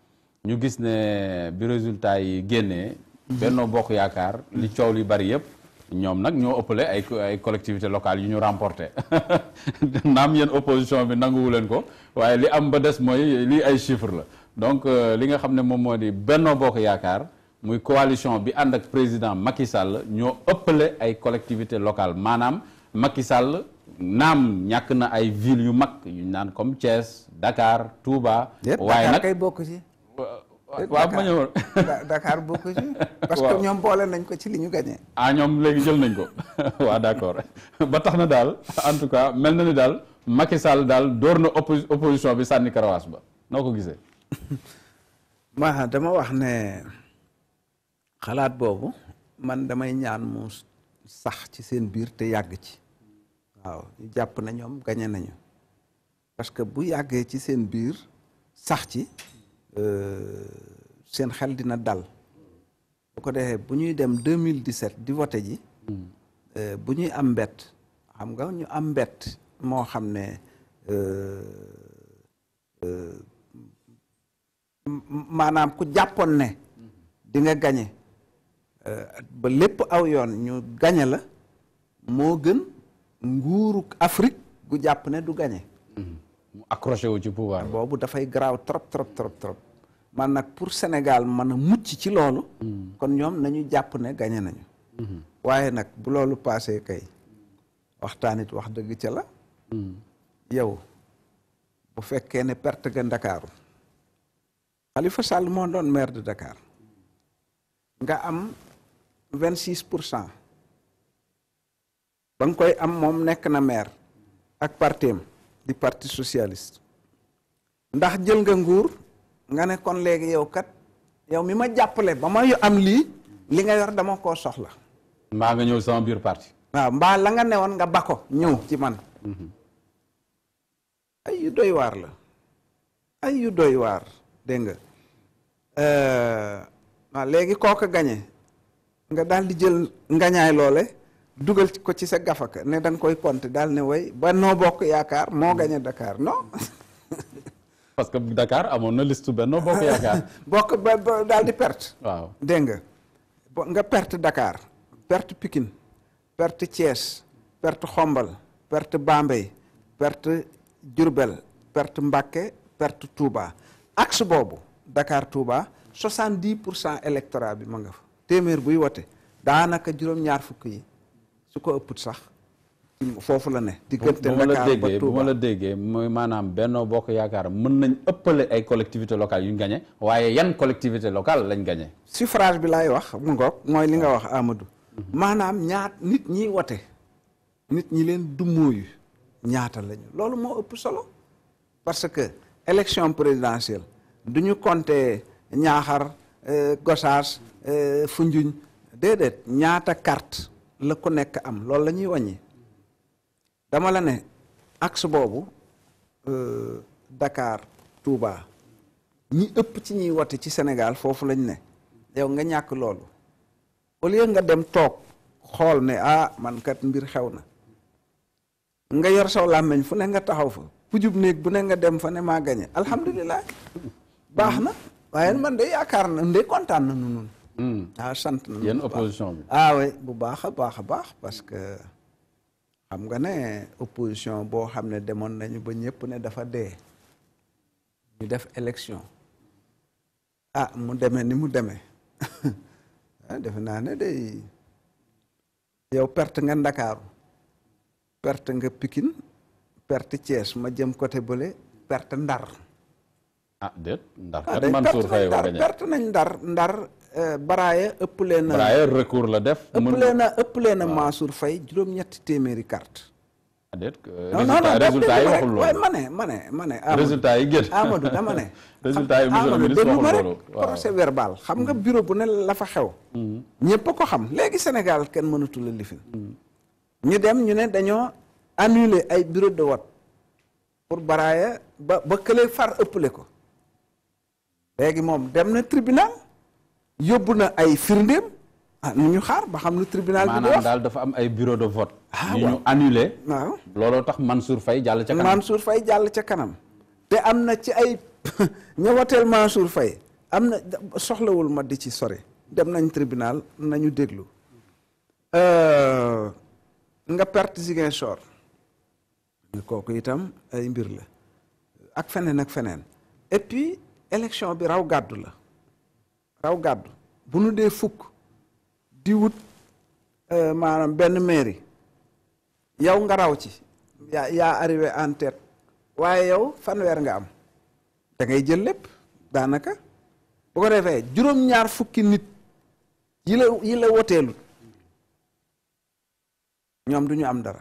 ñu gis né bi résultat yi génnee Benno Bokk yaakar li ciow li bari yépp ñom nak ñoo ëppale ay ay collectivités locales yu ñu remporté nam yéen opposition bi nanguwu leen ko waaye li am ba dess moy li ay chiffre la donc euh, li nga xamné mom modi Benno Bokk yaakar muy coalition bi and ak président Macky Sall ñoo ëppale ay collectivité locale. manam Macky Sall nam ñàkk na ay ville yu mak yu nane comme Thiès Dakar Touba waaye nag bokk ci waaw ma ñëwoon Dakar bokku ci parce que ñoom boole nañ ko ci li ñu gagné. ah ñoom léegi jël nañ ko waaw d'accord ba tax na daal en tout cas mel na ni daal Macky Sall daal door na opposition bi sànni karawaas ba noo ko gisee ma dama wax ne xalaat boobu man damay ñaan mu sax ci seen biir te yàgg ci waaw ñu jàpp na ñoom gagné nañu parce que bu yàggee ci seen biir sax ci Euh, seen xel dina dal bu ko defee bu ñuy dem 2017 di vote ji euh, bu ñuy am mbett xam nga ñu am mbett moo xam ne euh, maanaam ku jàppoon ne di nga gañe ba lépp aw yoon ñu gañe la moo gën nguuru Afrique gu jàpp ne du gañe accroché wu ci pouvoir da fay graw trop trop trop trop man nak pour senegal man mucc ci lolu kon ñom nañu japp ne gagné nañu waye nak bu lolu passé kay waxtanit wax deug ci la yow bu fekke ne perte ga dakar Khalifa Sall mo don maire de Dakar nga am 26 bang koy am mom nek na maire ak partem di parti socialiste ndax jël nga nguur nga ne kon léegi yow kat yow mi ma jàppale ba ma am lii li nga yor dama koo soxla. mbaa nga ñëw sama biir parti. waaw mbaa la nga ne woon nga bako ñëw ci man. Mhm. ay yu doy waar la ay yu doy waar dégg euh, waaw léegi kooka gañe nga daal di jël ngañaay loole. dugal ko ci sa gafaka ne da koy compter daal ne way ba noo bokk yaakaar moo gañe Dakar non. parce que dakaar amoon na liste benn bokk yaakaar. bokk daal di perte. waaw dégg nga nga perte Dakar perte Pikine perte Thiès perte Xombal perte Bambey perte Diourbel perte Mbacké perte Touba axe boobu Dakar Touba 70 pour cent électorat bi ma nga fa téeméer buy wote daanaka juróom-ñaar fukk yi. su ko ëpput sax foofu la ne diggante Dakar ba Touba bu ma la déggee mooy maanaam Benno Bokk Yaakaar mën nañ ëppale ay collectivité locale yuñ gañe waaye yan collectivité locale lañ gañe suffrage bi laay wax mu ngoog mooy li nga wax Amadou maanaam ñaat nit ñi wote nit ñi leen dumóoyu ñaata lañu loolu moo ëpp solo parce que élection présidentielle du ñu compter ñaaxar euh, Gossas euh, Foundiougne déedéet ñaata carte la ku nekk am loolu la ñuy wàññi dama la ne axe boobu euh, dakaar Touba ñi ëpp ci ñuy wote ci Sénégal foofu lañ ne yow nga ñàkk loolu au lieu nga dem toog xool ne ah man kat mbir xew na nga yor saw làmmiñ fu ne nga taxaw fa pujub néeg bu ne nga dem fa ne maa gañe alhamdulilah baax na waaye man de yaakaar na ndey kontaan na nu Mm. ah sant nañu yéen opposition bi ah oui bu baax a baax a baax parce que xam nga ne opposition boo xam ne demoon nañu ba ñëpp ne dafa dee ñu def élection ah mu demee ni mu demee ah, defe naa ne day yow perte nga Ndakaaru perte nga Pikine perte Thiès ma jëm côté bële perte Ndar. ah déet Ndar ah, kat Mansour Faye perte nañ Ndar Ndar. Euh, Baraaya ëpp leen na Baraaya recours la def. ëpp leen a ëpp leen a Mansour Faye juróom-ñetti téeméeri carte. déet résultat yi waxul loolu ma ne ma ne résultat yi gën Amadou dama ne. résultat yi monsieur le verbal xam nga mm-hmm. bureau bu ne la fa xew. Mm-hmm. ñëpp a ko xam léegi Sénégal kenn mënatu la lifin. ñu dem ñu ne dañoo annuler ay bureau de vote pour Baraaya ba ba kële far ëpple ko léegi moom dem na tribunal. yóbbu na ay firndeem ah nu ñu xaar ba xam lu tribunal bi maanaam daal dafa am ay bureau de vote ah, yu ñu annulé waaw looloo tax Mansour fay jàll ca kanam Mansour Faye jàll ca kanam te am na ci ay ñëwateel Mansour fay am na soxlawul ma di ci sore dem nañ tribunal nañu déglu euh, nga perte Ziguinchor kooku itam ay mbir la ak feneen ak feneen et puis élection bi raw gàddu la raw gàddu bu nu dee fukk diwut wut euh, maanaam benn mairie yow nga raw ci yaa yaa arrivé en tête waaye yow fanweer nga am dangay jël lépp daanaka bu ko defee juróom fukki nit yi la ñoom du am dara.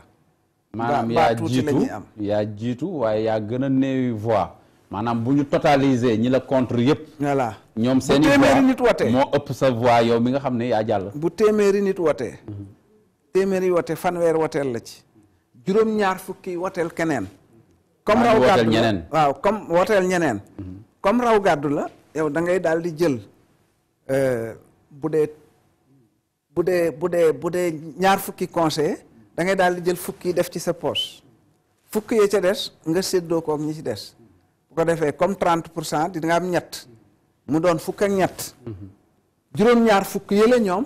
maanaam yaa jiitu yaa jiitu waaye yaa gën a néewi voix maanaam bu ñu totaliser ñi la contre yëpp. voilà ñoom seen i voix bu téeméeri nit watee ëpp sa voix yow nga xam ne yaa jàll. bu téeméeri nit watee. Mhm. téeméeri wote fanweer woteel la ci. juróom ñaar fukki woteel keneen. comme raw gàddu la waaw comme woteel ñeneen. Mhm. comme raw gàddu la yow da ngay daal di jël euh, bu dee bu dee bu dee bu dee ñaar fukki conseil da ngay daal di jël fukki def ci sa poche fukki ya ca des nga séddoo koog ñi ci des bu ko defee comme 30 pour cent di nga am ñett. mu doon fukk ak ñett juróom-ñaar fukk yële ñoom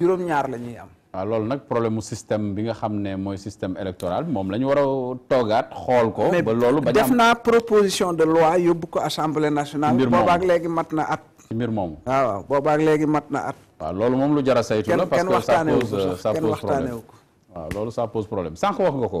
juróom-ñaar la ñuy am waaw loolu nag problème mu système bi nga xam ne mooy système électoral moom la ñu war a toogaat xool ko ba loolu ba def naa proposition de loi yóbbu ko assemblée nationale boobaak léegi mat na at mbir moomu waaw boobaak léegi mat na at waa loolu moom lu jar a saytu la parce que ça pose ça pose problème waaw loolu sa pose problème sànq wax nga ko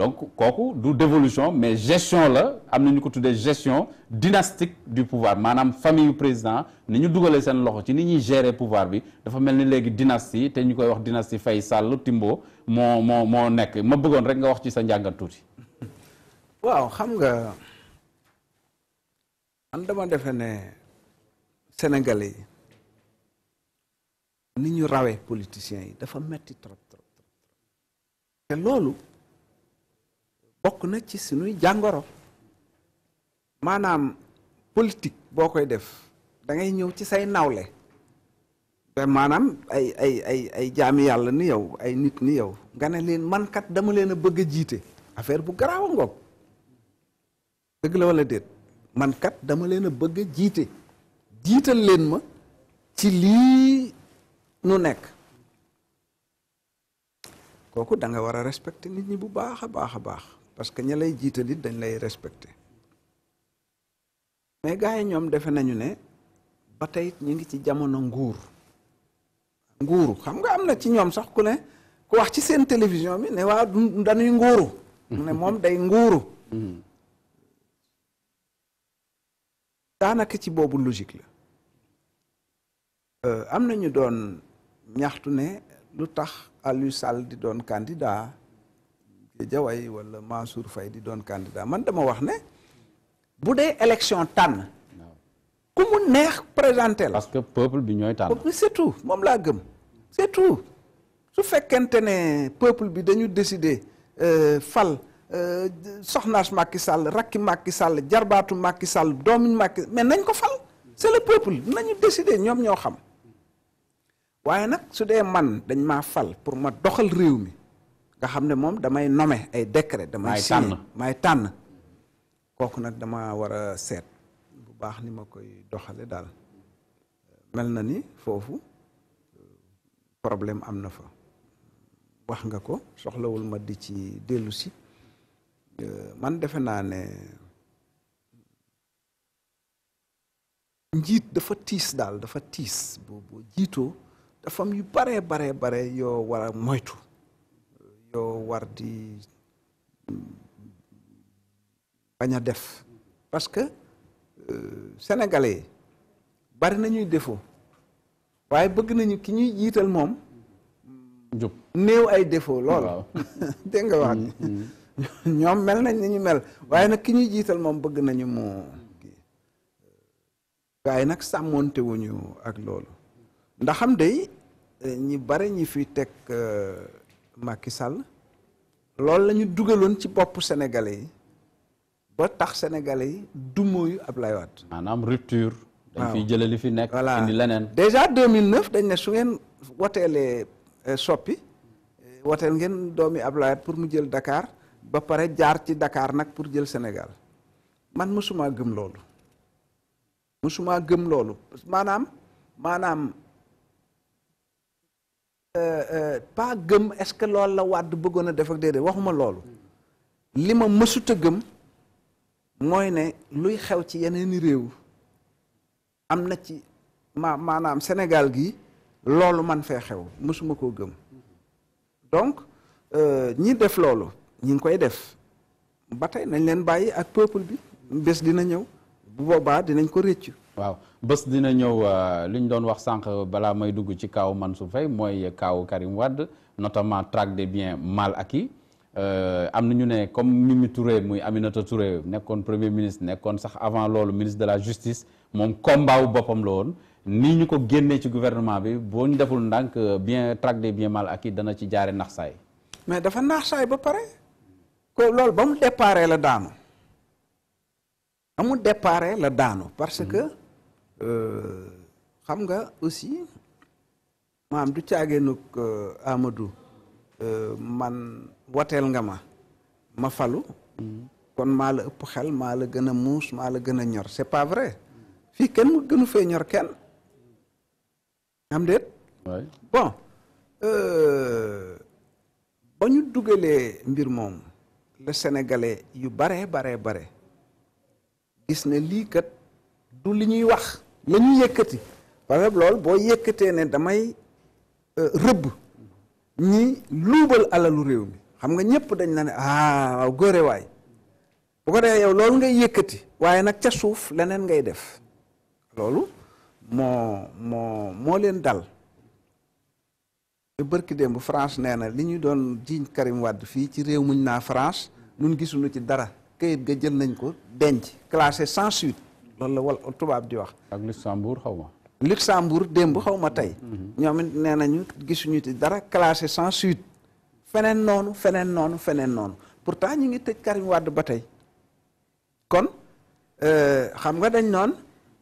donc kooku du dévolution mais gestion là, am nous ñu ko tuddee gestion dynastique du pouvoir Madame famille du président ni ñu dugalee seen loxo ci ni ñuy gérer pouvoir bi dafa mel les dynasties, dynastie te ñu wax dynastie Faye Sall Timbo mon mon moo nekk ma bëggoon rek nga wax ci sa njàngat tuuti. waaw xam nga man dama defe ne Sénégalais yi ni ñu rawee politiciens yi dafa metti trop trop trop te bokk na ci suñuy jàngoro maanaam politique boo koy def dangay ñëw ci say nawle te maanaam ay ay ay ay jaami yàlla ni yow ay nit ni yow nga ne leen mankat dama leen a bëgg a jiite affaire bu garaaw a ngoog dëgg la wala déet mankat dama leen a bëgg jiite jiital leen ma ci lii nu nekk kooku da nga war a respecter nit ñi bu baax a baax a baax parce que ñalay lay jiitalit dañ lay respecter mais gaay ñom ñoom nañu né batay ñi ngi ci jamono nguur nguuru xam nga amna ci ñom sax ku né ku wax ci sen télévision mi né wa dañuy nguuru mu ne moom day nguuru daanaka ci bobu logique la euh amna ñu doon ñaxtu né lu tax Aliou Sall di doon candidat Jaway wala Mansour Faye di doon candidat man dama wax ne bu dee élection tànn ku mu neex présenté la. parce que peuple bi ñooy tànn. c'est moom laa gëm c'est su fekkente ne peuple bi dañu décider euh, fal euh, soxnaas makki Sall rakki Macky Sall jarbaatu makki Sall doomi Macky mais nañ ko fal c'est le peuple nañu décider ñoom ñoo xam waaye nag su dee man dañ maa fal pour ma doxal réew mi. nga xam ne moom damay nommer ay décret damay signé may tànn kooku nag dama war a seet bu baax ni ma koy doxale daal mel na ni foofu problème am na fa wax nga ko soxlawul ma di ci dellusi si euh, man defe naa ne njiit dafa tiis daal dafa tiis bu bu jiitoo dafa yu baree bare bare yoo war a moytu yoo war di bañ a def parce que euh, sénégalais bari nañuy défaut waaye bëgg nañu ki ñuy jiital moom néew ay défaut lool dégg wax mm, mm. ñoom mel nañ ni ñu mel waaye nag ki ñuy jiital moom bëgg nañu mu gaa nag sàmmoontewuñu ak loolu ndaxam day eh, ñi bari ñi fi teg euh, Macky Sall loolu la ñu dugaloon ci bopp sénégalais yi ba tax sénégalais yi dumooyu Ablaye Wade. maanaam rupture. waaw dañ fiy jëlee li fi nekk. voilà indi leneen. déjà 2009 dañ ne su ngeen woteelee euh, soppi euh, woteel ngeen doomi Ablaye Wade pour mu jël dakaar ba pare jaar ci dakaar nag pour jël Sénégal man mosuma gëm loolu gëm loolu maanaam maanaam. Euh, euh, pas gëm est-ce que loolu la wàdd bëggoon a def ak déedéet waxuma loolu li ma mësuta gëm mooy ne luy xew ci yeneeni réew am na ci ma maanaam Sénégal gi loolu man fee xew mësuma koo gëm donc euh, ñi def loolu ñi ngi koy def ba tey nañ leen bàyyi ak peuple bi bés dina ñëw bu boobaa dinañ ko rëccu waaw bés dina ñëw euh, li ñu doon wax sànq balaa may dugg ci kaaw Mansour Faye mooy kaaw Karim Wade notamment traque des biens mal acquis euh, am na ñu ne comme Mimi Touré muy Aminata Touré nekkoon premier ministre nekkoon sax avant loolu ministre de la justice moom combat boppam la woon nii ñu ko génnee ci gouvernement bi boo ñu deful ndànk euh, bien traque des biens mal acquis dana ci jaare nax saay mais dafa naax saay ba pare ko loolu ba mu déparé la daanu ba mu déparé la daanu parce que Euh, xam nga aussi maam du caageenug euh, Amadou euh, man wateel nga ma ma falu kon maa la ëpp xel maa la gën a muus maa la gën a ñor c'est pas vrai fii kenn gënu fee ñor kenn am déet bon ba ñu dugalee mbir moom le sénégalais yu bare bare bare gis ne lii kat du li ñuy wax la ñuy yëkkati par exemple boo yëkkatee ne damay euh, rëbb ñi luubal alalu réew mi xam nga ñëpp dañ la ne ah waaw góore waay bu ko defee yow loolu ngay yëkkati waaye nag ca suuf leneen ngay def loolu moo moo moo leen dal te bërki bu France nee na li ñuy doon jiiñ Karim Wade fii ci réew muñ naa France mun gisuñu ci dara kayit ga jël nañ ko denc classé sans suite lool la wal tubaab di wax. ak Luxembourg xaw ma. Luxembourg démb mm-hmm. xaw ma tey. Mm-hmm. ñoom it nee nañu gisuñu ci dara classé cent suite. feneen noonu feneen noonu feneen noonu pourtant ñu ngi tëj Karim Wade ba tey kon euh, xam nga dañ noon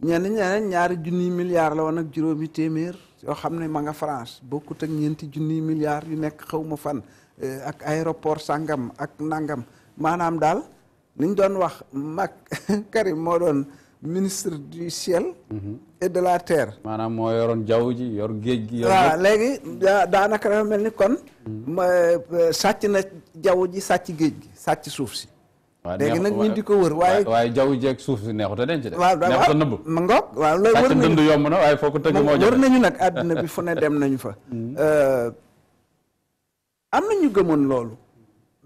ñenn ñeneen ñaari junniy milliards la woon ak juróomi téeméer yoo xam ne ma nga France bokkut ak ñeenti junni milliards yu nekk xaw ma fan euh, ak aéroport sàngam ak nangam maanaam daal liñ doon wax mag Karim moo doon. ministre du ciel. et de la maanaam moo yoroon jaww ji yor géej gi. yor waaw léegi daanaka dafa mel ni kon. Euh, sàcc na jaww ji sàcc géej gi sàcc suuf si. léegi nag ñun di ko wër waaye waaye jaww ji ak suuf si neexut a denc de waaw neexut a nëbb ma ngoog waaw loolu wër nañu dund na waaye foo ko moo wër nañu nag àddina bi fu ne dem nañu fa hmm. euh, am na ñu gëmoon loolu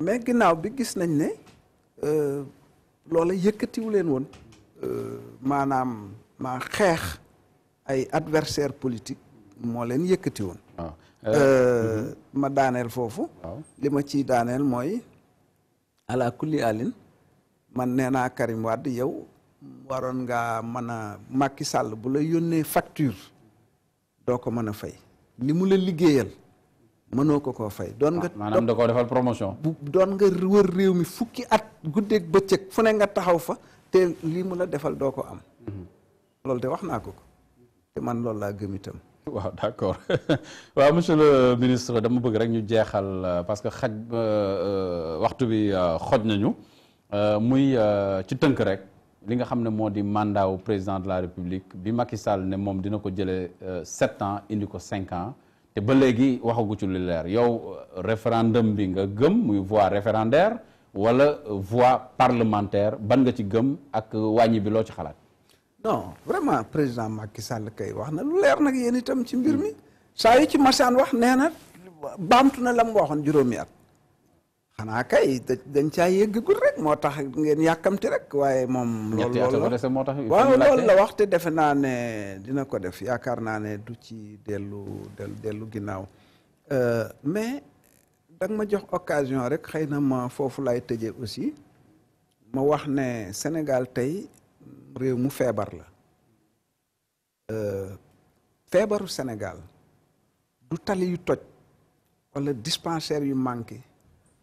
mais ginnaaw bi gis nañ ne euh, loola yëkkatiwu leen woon Euh, maanaam maa xeex ay adversaire politique moo leen yëkkati woon ah. euh, euh, ma daaneel foofu li ma ciy daaneel mooy ala kulli alin man nee naa Karim Wade yow waroon nga mën a Macky Sall bu la yónnee facture doo ko mën a fay li mu la liggéeyal mënoo ko koo fay doon nga ah, maanaam da koo defal promotion doon nga wër réew mi fukki at guddeeg bëccëg fu ne nga taxaw fa te lii mu la defal doo ko am loolu de wax naa ko ko te man loolu laa gëm itam waaw d'accord waaw monsieur le ministre dama bëgg rek ñu jeexal euh, parce que xaj euh, euh, waxtu bi xoj nañu muy ci tënk rek li nga xam ne moo di mandat wu président de la république bi Macky Sall ne moom dina ko jëlee sept ans indi ko cinq ans te ba léegi waxagu ci lu leer yow référendum bi nga gëm muy voie référendaire wala voie parlementaire ban nga ci gëm ak wàññi bi loo ci xalaat. non vraiment président Macky Sall kay wax na lu leer nag yéen itam ci mbir mi saa yu ci masaan wax nee na baamtu na lam waxoon juróomi at. xanaa kay dañ caa yëggagul rek moo tax ngeen yàkkamti rek waaye moom. loolu waaw loolu la wax te defe naa ne dina ko def yaakaar naa ne du ci dellu dellu dellu ginnaaw euh, mais da nga ma jox occasion rek xëy na ma foofu lay tëjee aussi ma wax ne Sénégal tey mu feebar la euh, feebaru Sénégal du tali yu toj wala dispensaire yu manke,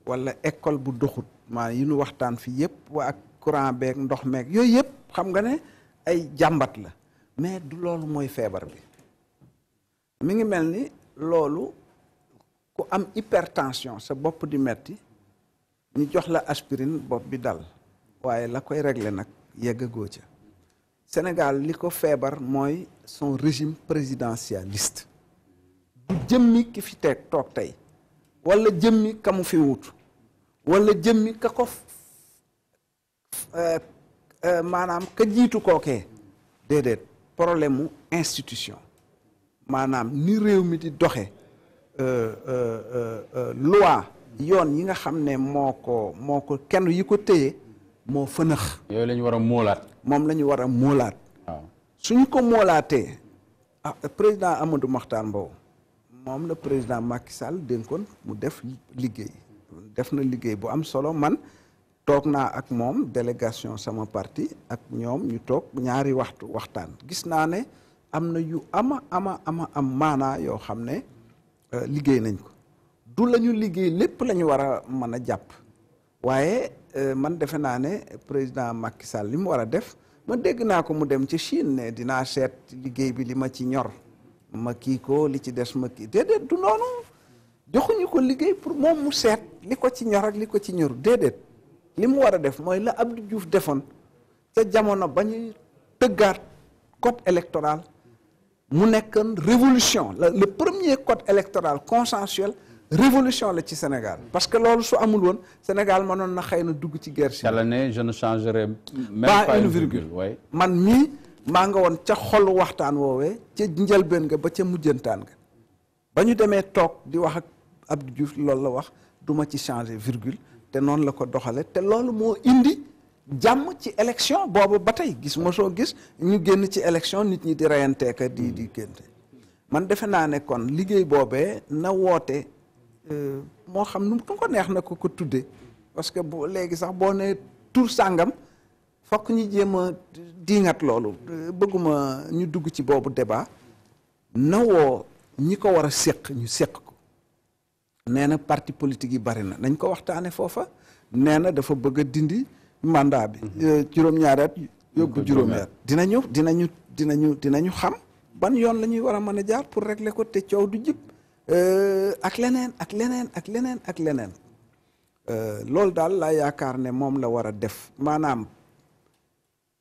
wala école bu doxut maa yi nu fi yep, waa ak courant beeg ndox meeg yooyu yëpp xam nga ne ay jàmbat la mais du loolu mooy feebar bi mi ngi mel ni am hypertension sa bop di metti la aspirine bi dal la koy régler Sénégal liko fébar moy son régime présidentialiste du jëmmi ki fi teg tok tay wala jëmmi fi wut wala jëmmi ka ko euh, euh, problème institution manam ni réew euh, euh, euh, loi yon yi nga xamné moko moko kenn yi ko téye moo fënax yooyu la ñu war a moolaat moom la ñu suñu ko molaté ah, président Amadou makhtar mbaw mom la président Macky Sall mu def liggéey def na liggéey bu am solo man toog na ak mom délégation sama parti ak ñom ñu tok ñaari waxtu waxtaan gis na ne am yu ama ama ama am mana yo xamné Euh, liggéey nañ ko du la liggéey lépp lañu war a mën a jàpp waaye euh, man defe naa ne président Macky Sall li mu war a def ma dégg naa ko mu dem ci Chine ne dinaa seet liggéey bi li ma ci ñor ma kii ko li ci des ma kii déedéet du noonu joxuñu ko liggéey pour moom mu seet li ko ci ñor ak li ko ci ñor déedéet li mu war a def mooy la Abdou juuf defoon ca jamono ba ñuy tëggaat code électoral mu nekkoon révolution le premier code électoral consensuel révolution le ci Sénégal parce que loolu su amul Sénégal mënoon na xëy dugg ci guerre civile. ne je ne changerai même pas une virgule man mi, maa nga cha xol waxtan wowe woowee ca ben nga ba ca mujjantaan nga ba ñu di wax ak Abdou Diouf loolu la wax duma ci changer virgule té non la ko doxalé té loolu mo indi jàmm ci élection boobu ba tey gis mosoo gis ñu génn ci élection nit ñi di reyanteeka di di génte man defe naa ne kon liggéey boobee na woote euh, moo xam nu ko neex na ko ko tudde parce que bu léegi sax boo nee tur sàngam fokk ñu jéem a diingat loolu bëgguma ñu dugg ci boobu débat na woo ñi ko war a séq ñu séq ko nee na parti politique yi bari na nañ ko waxtaane foofa nee na dafa bëgg dindi mandat bi. Mhm. Euh, juróom-ñaari at yóbbu juróomi at dina dinañu dinañu dinañu xam ban yoon la ñuy war a mën a jaar pour régler ko te coow du jib euh, ak leneen ak leneen ak leneen ak leneen euh, loolu daal laa yaakaar ne moom la war a def maanaam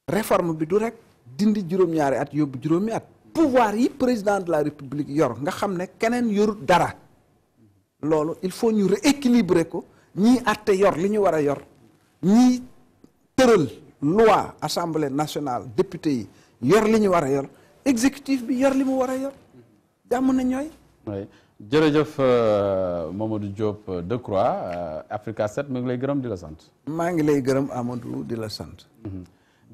réforme bi du rek dindi juróom-ñaari at yóbbu juróomi at. pouvoir yi président de la république yor nga xam ne keneen yor dara loolu il faut ñu rééquilibrer ko ñii àtte yor li ñu war a yor ñii tëral loi assemblée nationale député yi li ñu war a yor exécutif bi li mu war a yor jàmm na ñooy. jërëjëf euh, Mamadou Diop euh, Decroix euh, Africa 7 lay gërëm di la sant. maa ngi lay gërëm Amadou di la sant. Mhm.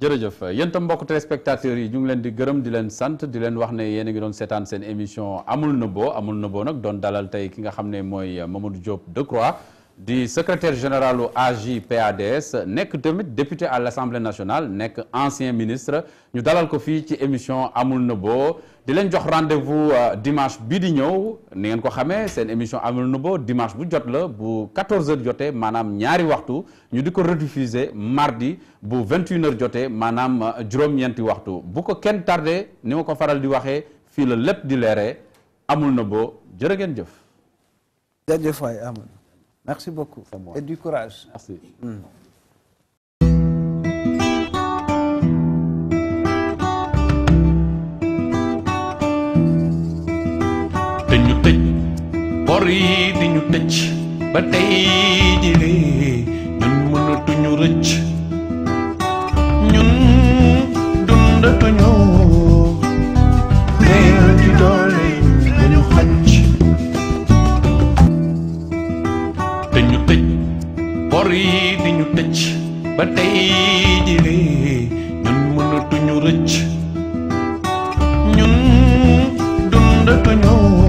jërëjëf yéen itam mbokk téléspectateurs yi ñu ngi leen di gërëm di leen sant di leen wax ne yéen a ngi doon seetaan seen émission amul nëbboo amul nëbboo nag doon dalal tey ki nga xam ne mooy Mamadou Diop Decroix. du secrétaire général au AJPADS n'est que député à l'Assemblée nationale n'est ancien ministre ñu dalal ko fii ci émission amul Nobo. nous avons jox rendez-vous euh, dimanche bii di ñëw ni ngeen ko émission amul dimanche bu jot la 14h Mme maanaam ñaari waxtu ñu di rediffuser mardi bu 21h Mme Jérôme juróom Wartou, waxtu bu ko kenn tardé ni avons fait faral di waxee fii la lépp di leeree amul jëf. Merci beaucoup. Et du courage. Merci. Mm. yi You're not to your lee You mënatuñu not ñun your.